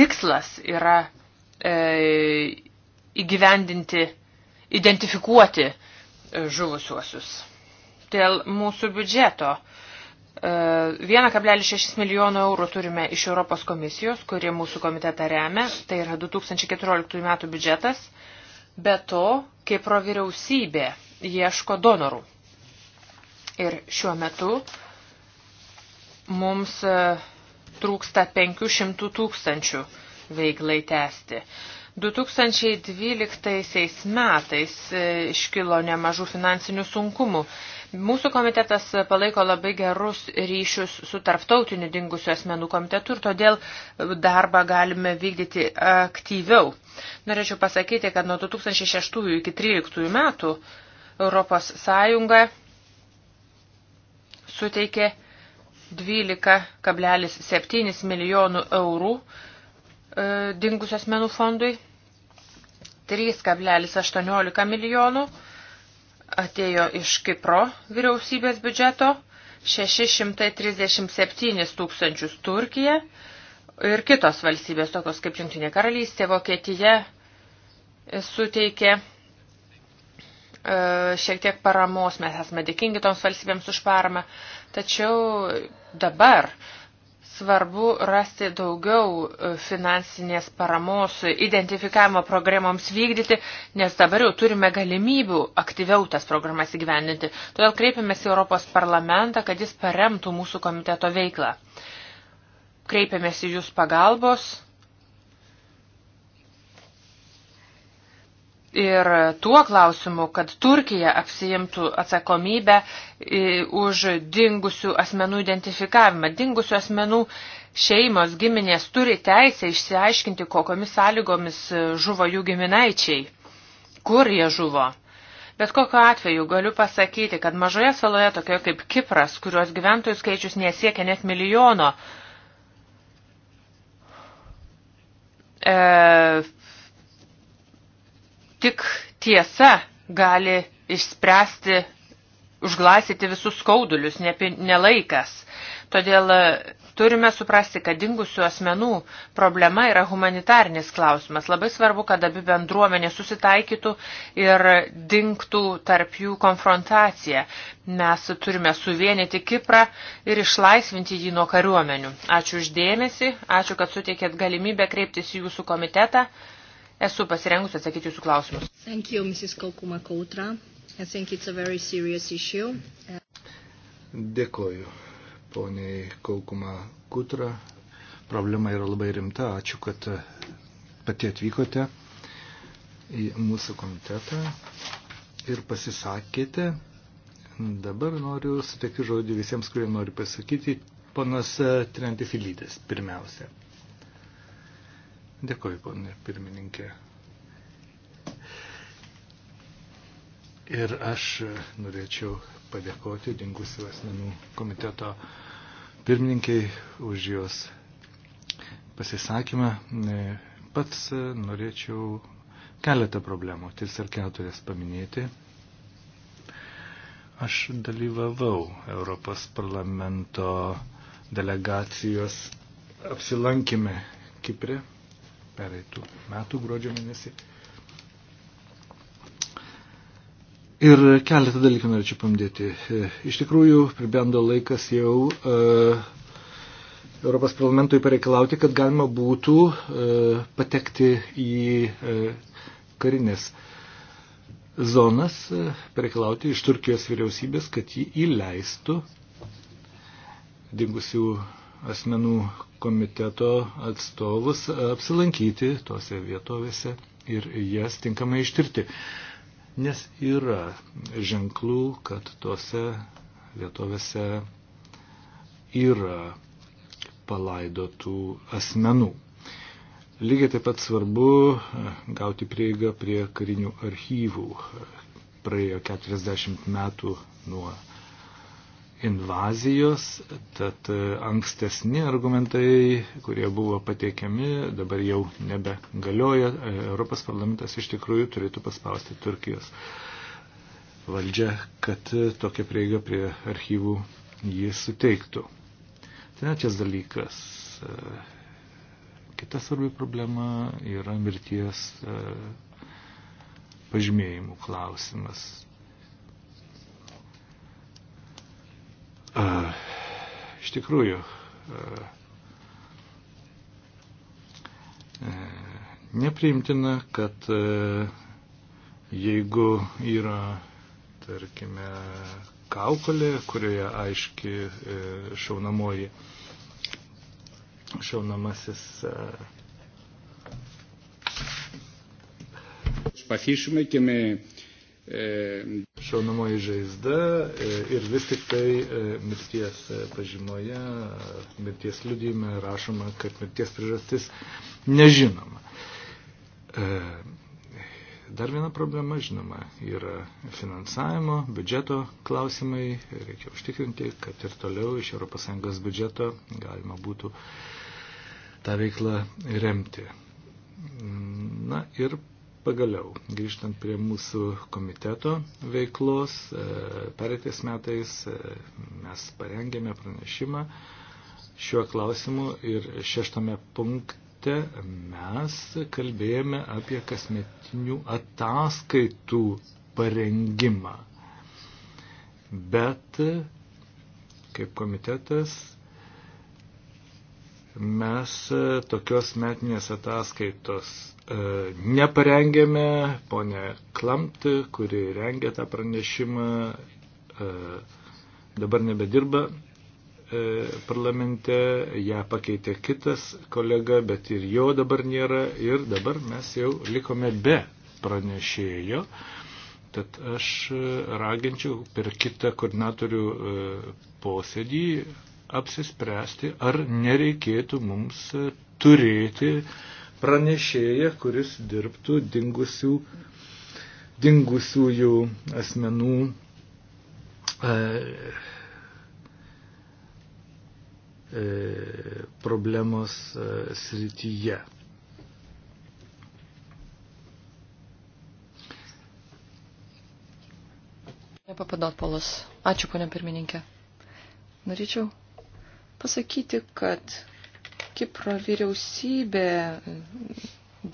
tikslas yra e, įgyvendinti, identifikuoti e, žuvusiuosius. Dėl mūsų biudžeto 1,6 e, milijono eurų turime iš Europos komisijos, kurie mūsų komitetą remia, tai yra 2014 metų biudžetas, be to, kaip pro vyriausybė ieško donorų. Ir šiuo metu mums e, trūksta 500 tūkstančių veiklai tęsti. 2012 metais e, iškilo nemažų finansinių sunkumų. Mūsų komitetas palaiko labai gerus ryšius su tarptautiniu dingusiu asmenų komitetu ir todėl darbą galime vykdyti aktyviau. Norėčiau pasakyti, kad nuo 2006 iki 2013 metų Europos Sąjunga suteikė 12,7 milijonų eurų e, dingus asmenų fondui, 3,18 milijonų atėjo iš Kipro vyriausybės biudžeto, 637 tūkstančius Turkija ir kitos valstybės, tokios kaip Junktinė karalystė, Vokietija, e, suteikė E, šiek tiek paramos, mes esame dėkingi toms valstybėms už paramą, tačiau dabar svarbu rasti daugiau e, finansinės paramos identifikavimo programoms vykdyti, nes dabar jau turime galimybių aktyviau tas programas įgyvendinti. Todėl kreipiamės į Europos parlamentą, kad jis paremtų mūsų komiteto veiklą. Kreipiamės į jūs pagalbos ir tuo klausimu, kad Turkija apsijimtų atsakomybę e, už dingusių asmenų identifikavimą. Dingusių asmenų šeimos, giminės turi teisę išsiaiškinti, kokomis sąlygomis žuvo jų giminaičiai, kur jie žuvo. Bet kokiu atveju galiu pasakyti, kad mažoje saloje tokioje kaip Kipras, kurios gyventojų skaičius nesiekia net milijono, e, Tik tiesa gali išspręsti, užglasyti visus skaudulius, nelaikas. Todėl e, turime suprasti, kad dingusių asmenų problema yra humanitarnis klausimas. Labai svarbu, kad abi bendruomenė susitaikytų ir dinktų tarp jų konfrontacija. Mes turime suvienyti Kiprą ir išlaisvinti jį nuo kariuomenių. Ačiū uždėmesi, ačiū, kad suteikėt galimybę kreiptis į jūsų komitetą. Esu pasirengusi atsakyti jūsų klausimus. Thank you, Mrs. Kokuma Kautra. I think it's a very serious issue. Dėkoju, poniai Kaukuma Kutra. Problema yra labai rimta. Ačiū, kad e, pati atvykote į mūsų komitetą ir pasisakėte. Dabar noriu suteikti žodį visiems, kurie nori pasakyti. Panas e, Trentisilydės pirmiausia. Dėkuoju, ponė pirmininkė. Ir aš norėčiau padėkoti dingusių asmenų komiteto pirmininkiai už jos pasisakymą. Pats norėčiau keletą problemų, tris ar keturias paminėti. Aš dalyvavau Europos parlamento delegacijos apsilankime Kiprė pereitų metų gruodžio mėnesį. Ir keletą dalykų norėčiau pamdėti. Iš tikrųjų, pribendo laikas jau e, Europos parlamentui pareikalauti, kad galima būtų e, patekti į e, karinės zonas, e, pareikalauti iš Turkijos vyriausybės, kad jį įleistų dingusių asmenų komiteto atstovus apsilankyti tose vietovėse ir jas tinkamai ištirti. Nes yra ženklų, kad tose vietovėse yra palaidotų asmenų. Lygiai taip pat svarbu e, gauti prieigą prie karinių archyvų. Praėjo 40 metų nuo invazijos, tad ankstesni argumentai, kurie buvo pateikiami, dabar jau nebegalioja. Europos parlamentas iš tikrųjų turėtų paspausti Turkijos valdžią, kad tokią prieigą prie archyvų jį suteiktų. Trečias dalykas. Kita svarbi problema yra mirties pažymėjimų klausimas Iš tikrųjų, nepriimtina, kad jeigu yra, tarkime, kaukolė, kurioje aiški e, šaunamoji, šaunamasis. Σπαθήσουμε και με E, šaunamoji žaizda e, ir vis tik tai e, mirties pažymoje, mirties liudyjime rašoma, kad mirties priežastis nežinoma. Dar viena problema, žinoma, yra finansavimo, biudžeto klausimai. Reikia užtikrinti, kad ir toliau iš ES biudžeto galima būtų tą veiklą remti. Na ir Pagaliau, grįžtant prie mūsų komiteto veiklos, e, pereitais metais e, mes parengėme pranešimą šiuo klausimu ir šeštame punkte mes kalbėjome apie kasmetinių ataskaitų parengimą. Bet kaip komitetas mes tokios metinės ataskaitos E, neparengėme, ponė Klamti, kuri rengė tą pranešimą, e, dabar nebedirba e, parlamente, ją pakeitė kitas kolega, bet ir jo dabar nėra ir dabar mes jau likome be pranešėjo. Tad aš raginčiau per kitą koordinatorių posėdį apsispręsti, ar nereikėtų mums turėti uh, pranešėją, kuris dirbtų dingusių, dingusiųjų asmenų e, e, problemos e, srityje. Papadopoulos. Ačiū, ponia pirmininkė. Norėčiau pasakyti, kad Kipro vyriausybė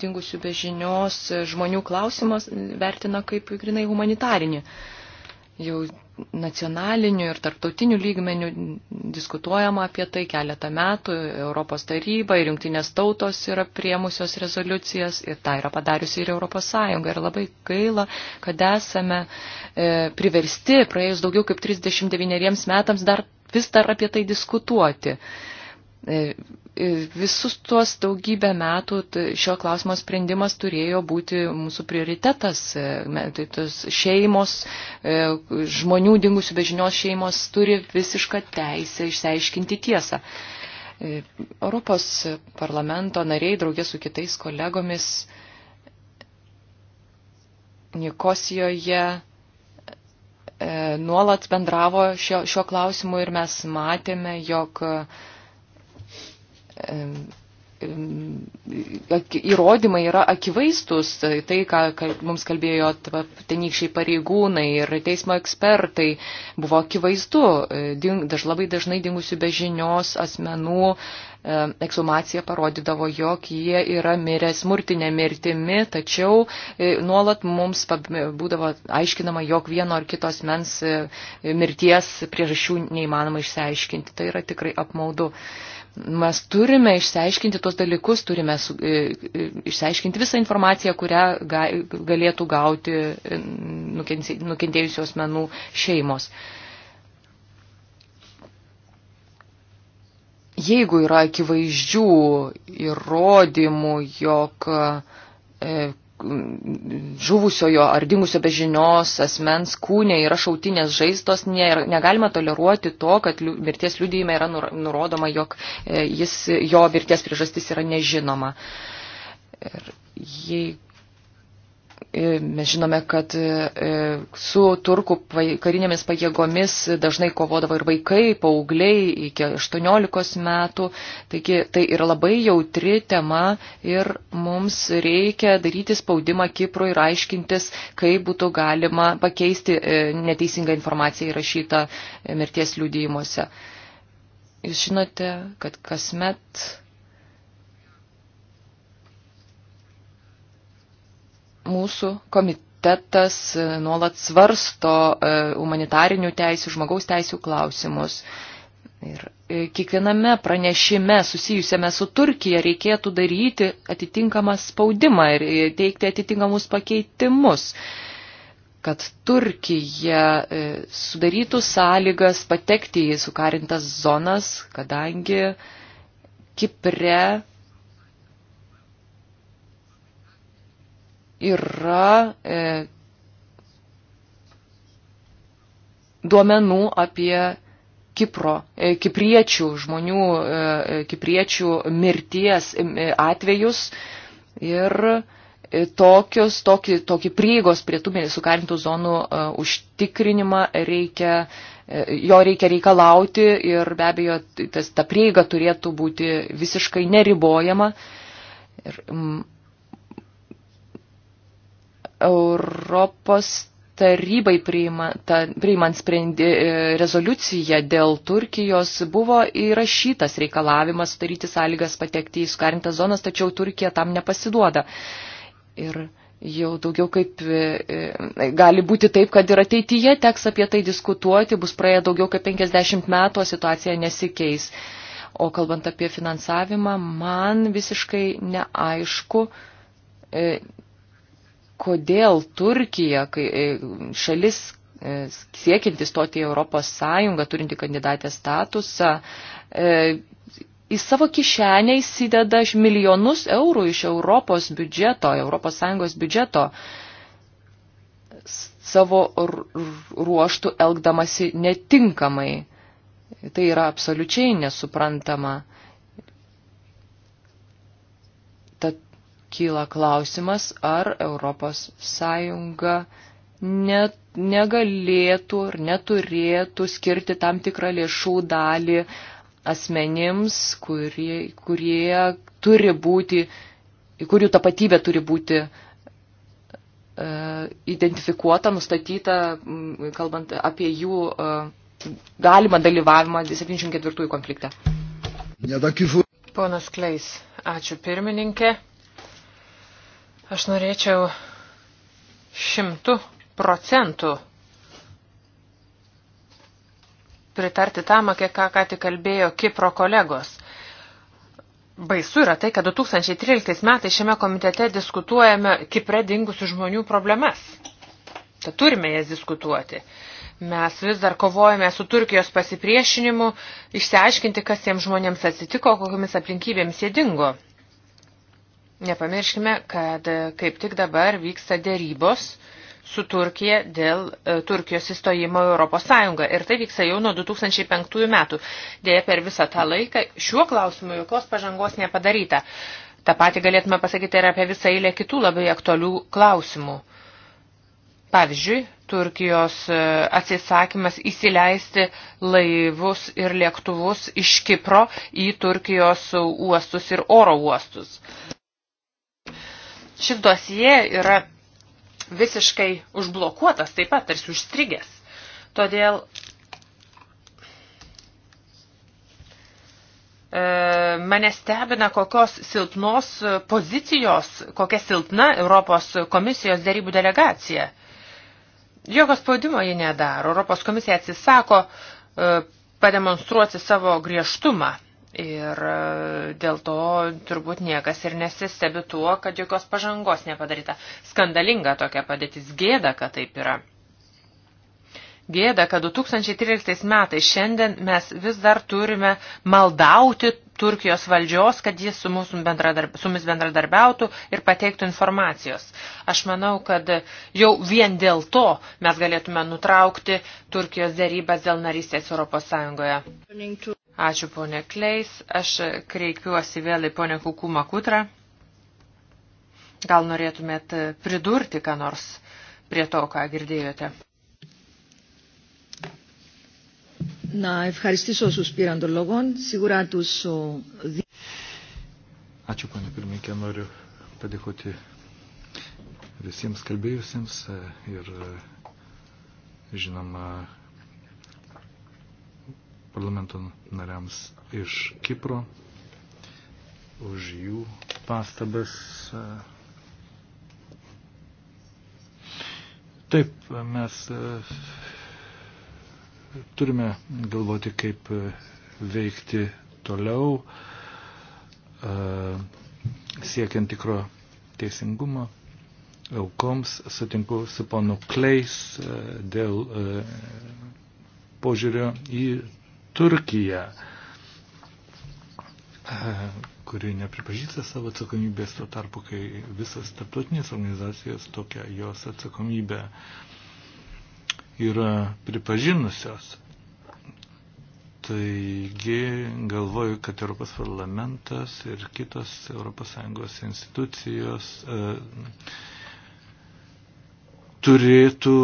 dingusių be žinios žmonių klausimas vertina kaip grinai humanitarinį. Jau nacionaliniu ir tarptautiniu lygmeniu diskutuojama apie tai keletą metų. Europos taryba ir jungtinės tautos yra priemusios rezoliucijas ir tą yra padariusi ir Europos Sąjunga. Ir labai gaila, kad esame e, priversti praėjus daugiau kaip 39 metams dar vis dar apie tai diskutuoti. E, E, e, visus tuos daugybę metų šio klausimo sprendimas turėjo būti mūsų prioritetas. E, tai tos šeimos, žmonių dingusių bežinios šeimos turi visišką teisę išsiaiškinti tiesą. Europos parlamento nariai, draugė su kitais kolegomis, Nikosijoje nuolat bendravo šio, šio klausimu ir mes matėme, jog įrodymai yra akivaizdus, tai, ką mums kalbėjo tenykščiai pareigūnai ir teismo ekspertai, buvo akivaizdu, e, daž, labai dažnai dingusių be žinios asmenų e, eksumacija parodydavo, jog jie yra mirę smurtinė mirtimi, tačiau e, nuolat mums būdavo aiškinama, jog vieno ar kitos mens mirties priežasčių neįmanoma išsiaiškinti. Tai yra tikrai apmaudu. Mes turime išsiaiškinti tos dalykus, turime su, e, e, išsiaiškinti visą informaciją, kurią ga, galėtų gauti e, nukentėjusios menų šeimos. Jeigu yra akivaizdžių įrodymų, jog žuvusiojo ar dingusio bežinios asmens kūne yra šautinės žaistos, negalima toleruoti to, kad mirties liudyjime yra nurodoma, jog e, jis, jo mirties priežastis yra nežinoma. Ir jei E, mes žinome, kad e, su turkų karinėmis pajėgomis dažnai kovodavo ir vaikai, paaugliai iki 18 metų. Taigi tai yra labai jautri tema ir mums reikia daryti spaudimą Kiprui ir aiškintis, kaip būtų galima pakeisti e, neteisingą informaciją įrašytą mirties liudijimuose. Jūs žinote, kad kasmet mūsų komitetas e, nuolat svarsto e, humanitarinių teisių, žmogaus teisių klausimus. Ir e, kiekviename pranešime susijusiame su Turkija reikėtų daryti atitinkamą spaudimą ir teikti atitinkamus pakeitimus kad Turkija sudarytų sąlygas patekti į sukarintas zonas, kadangi Kipre yra e, duomenų apie Kipro, e, kipriečių žmonių, e, e kipriečių mirties e, e, atvejus ir tokius, tokį, tokį prieigos prie tų sukarintų zonų e, užtikrinimą reikia, e, jo reikia reikalauti ir be abejo tas, ta prieiga turėtų būti visiškai neribojama. Ir, mm, Europos tarybai priimta, priimant sprendi, e, rezoliuciją dėl Turkijos buvo įrašytas reikalavimas sudaryti sąlygas patekti į sukarintas zonas, tačiau Turkija tam nepasiduoda. Ir jau daugiau kaip e, e, gali būti taip, kad ir ateityje teks apie tai diskutuoti, bus praėję daugiau kaip 50 metų, o situacija nesikeis. O kalbant apie finansavimą, man visiškai neaišku, kodėl Turkija, kai, e, šalis e, siekianti stoti į Europos Sąjungą, turinti kandidatę statusą, e, į savo kišenę įsideda milijonus eurų iš Europos biudžeto, Europos Sąjungos biudžeto, savo ruoštų elgdamasi netinkamai. Tai yra absoliučiai nesuprantama. kyla klausimas, ar Europos Sąjunga net, negalėtų ir neturėtų skirti tam tikrą lėšų dalį asmenims, kurie, kurie turi būti, kurių tapatybė turi būti e, identifikuota, nustatyta, kalbant apie jų e, galimą dalyvavimą 74 konflikte. Ponas Kleis, ačiū pirmininkė. Aš norėčiau šimtų procentų pritarti tam, apie ką ką tik kalbėjo Kipro kolegos. Baisu yra tai, kad 2013 metais šiame komitete diskutuojame Kipre dingusių žmonių problemas. Tad turime jas diskutuoti. Mes vis dar kovojame su Turkijos pasipriešinimu, išsiaiškinti, kas tiems žmonėms atsitiko, kokiamis aplinkybėms jie dingo. Nepamirškime, kad e, kaip tik dabar vyksta dėrybos su Turkija dėl e, Turkijos įstojimo Europos Sąjungą. Ir tai vyksta jau nuo 2005 metų. Dėja, per visą tą laiką šiuo klausimu jokios pažangos nepadaryta. Ta pati galėtume pasakyti ir apie visą eilę kitų labai aktualių klausimų. Pavyzdžiui, Turkijos e, atsisakymas įsileisti laivus ir lėktuvus iš Kipro į Turkijos uostus ir oro uostus. Šis dosie yra visiškai užblokuotas, taip pat tarsi užstrigęs. Todėl e, mane stebina, kokios silpnos pozicijos, kokia silpna Europos komisijos dėrybų delegacija. Jokio spaudimo ji nedaro. Europos komisija atsisako e, pademonstruoti savo griežtumą. Ir e, dėl to turbūt niekas ir nesistebi tuo, kad jokios pažangos nepadaryta. Skandalinga tokia padėtis, gėda, kad taip yra. Gėda, kad 2013 metais šiandien mes vis dar turime maldauti Turkijos valdžios, kad jis su, bendradarb, su mumis bendradarbiautų ir pateiktų informacijos. Aš manau, kad jau vien dėl to mes galėtume nutraukti Turkijos dėrybas dėl narystės Europos Sąjungoje. Ačiū ponė Kleis. Aš kreipiuosi vėl į ponę Kukumą Kutrą. Gal norėtumėt pridurti, ką nors prie to, ką girdėjote? Να ευχαριστήσω όσους πήραν τον λόγο. Σίγουρα τους... Ačiū, panė pirmininkė, noriu padėkoti visiems kalbėjusiems e, ir, e, žinoma, parlamento nariams iš Kipro už jų pastabas. E. Taip, mes e, turime galvoti, kaip e, veikti toliau, siekiant tikro teisingumo. Aukoms sutinku su ponu Kleis dėl požiūrio į Turkija, e, kuri nepripažįsta savo atsakomybės, tuo tarpu, kai visas tarptautinės organizacijos tokia jos atsakomybė yra pripažinusios. Taigi galvoju, kad Europos parlamentas ir kitos ES institucijos e, turėtų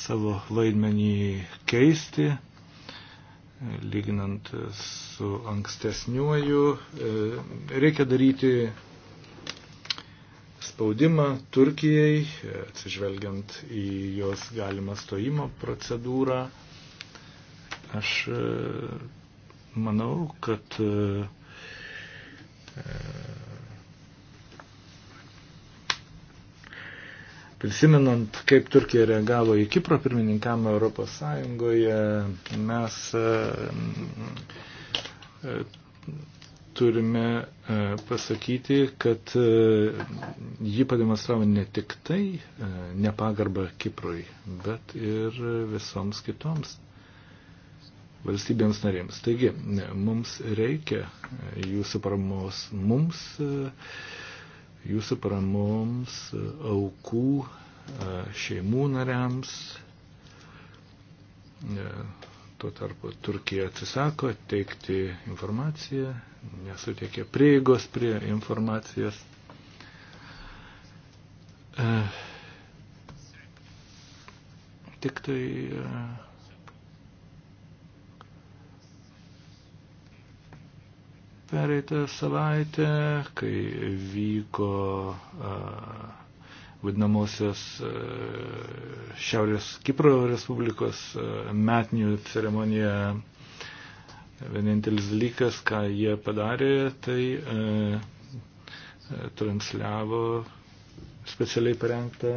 savo vaidmenį keisti, lyginant su ankstesniuoju. E, reikia daryti spaudimą Turkijai, e, atsižvelgiant į jos galimą stojimo procedūrą. Aš e, manau, kad Prisimenant, kaip Turkija reagavo į Kipro pirmininkamą Europos Sąjungoje, mes e, e, turime e, pasakyti, kad ji pademonstravo ne tik tai nepagarbą Kiprui, bet ir visoms kitoms valstybėms narėms. Taigi, mums reikia jūsų paramos, mums uh, jūsų paramoms, aukų, e, šeimų nariams. E, tuo tarpu Turkija atsisako teikti informaciją, nesuteikia prieigos prie informacijos. E, tik tai pereitą savaitę, kai vyko vadinamosios Šiaurės Kipro Respublikos metinių ceremonija vienintelis dalykas, ką jie padarė, tai e, transliavo specialiai parengtą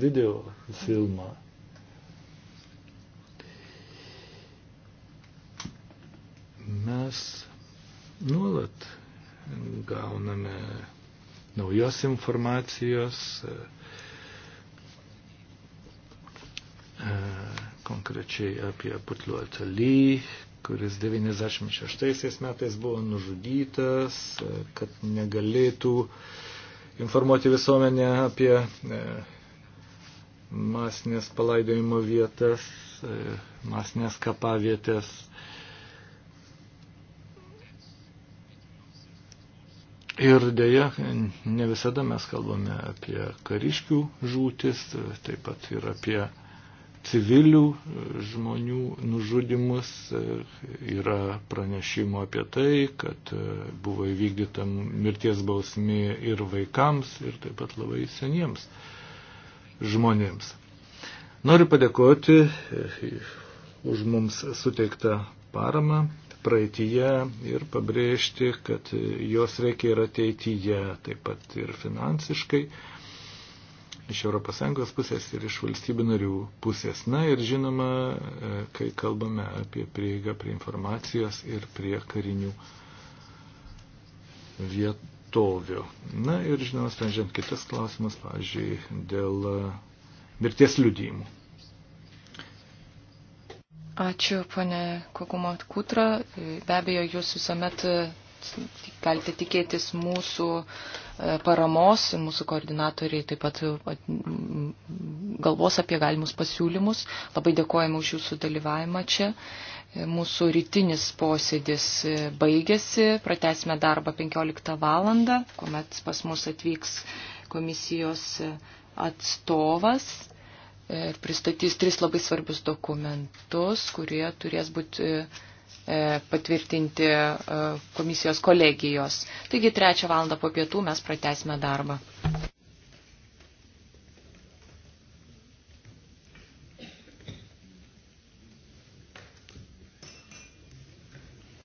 video filmą. Mes Nuolat gauname naujos informacijos, e, e, konkrečiai apie Putlių Atalį, kuris 96 metais buvo nužudytas, e, kad negalėtų informuoti visuomenę apie masinės palaidojimo vietas, masinės kapavietės. vietės Ir dėja, ne visada mes kalbame apie kariškių žūtis, taip pat ir apie civilių žmonių nužudimus. Yra pranešimo apie tai, kad buvo įvykdyta mirties bausmė ir vaikams, ir taip pat labai seniems žmonėms. Noriu padėkoti už mums suteiktą paramą praeitįje ir pabrėžti, kad jos reikia ir ateityje, taip pat ir finansiškai, iš ES pusės ir iš valstybių narių pusės. Na ir žinoma, e, kai kalbame apie prieigą prie informacijos ir prie karinių vietovių. Na ir žinoma, sprendžiant kitas klausimas, pavyzdžiui, dėl mirties liudijimų. Ačiū, ponė Kokumot Kutra. Be abejo, jūs visuomet e, galite tikėtis mūsų e, paramos, mūsų koordinatoriai taip pat e, galvos apie galimus pasiūlymus. Labai dėkojame už jūsų dalyvavimą čia. Mūsų rytinis posėdis baigėsi, pratesime darbą 15 valandą, kuomet pas mus atvyks komisijos atstovas ir e, pristatys tris labai svarbius dokumentus, kurie turės būti e, e, patvirtinti komisijos kolegijos. Taigi trečią valandą po pietų mes pratesime darbą.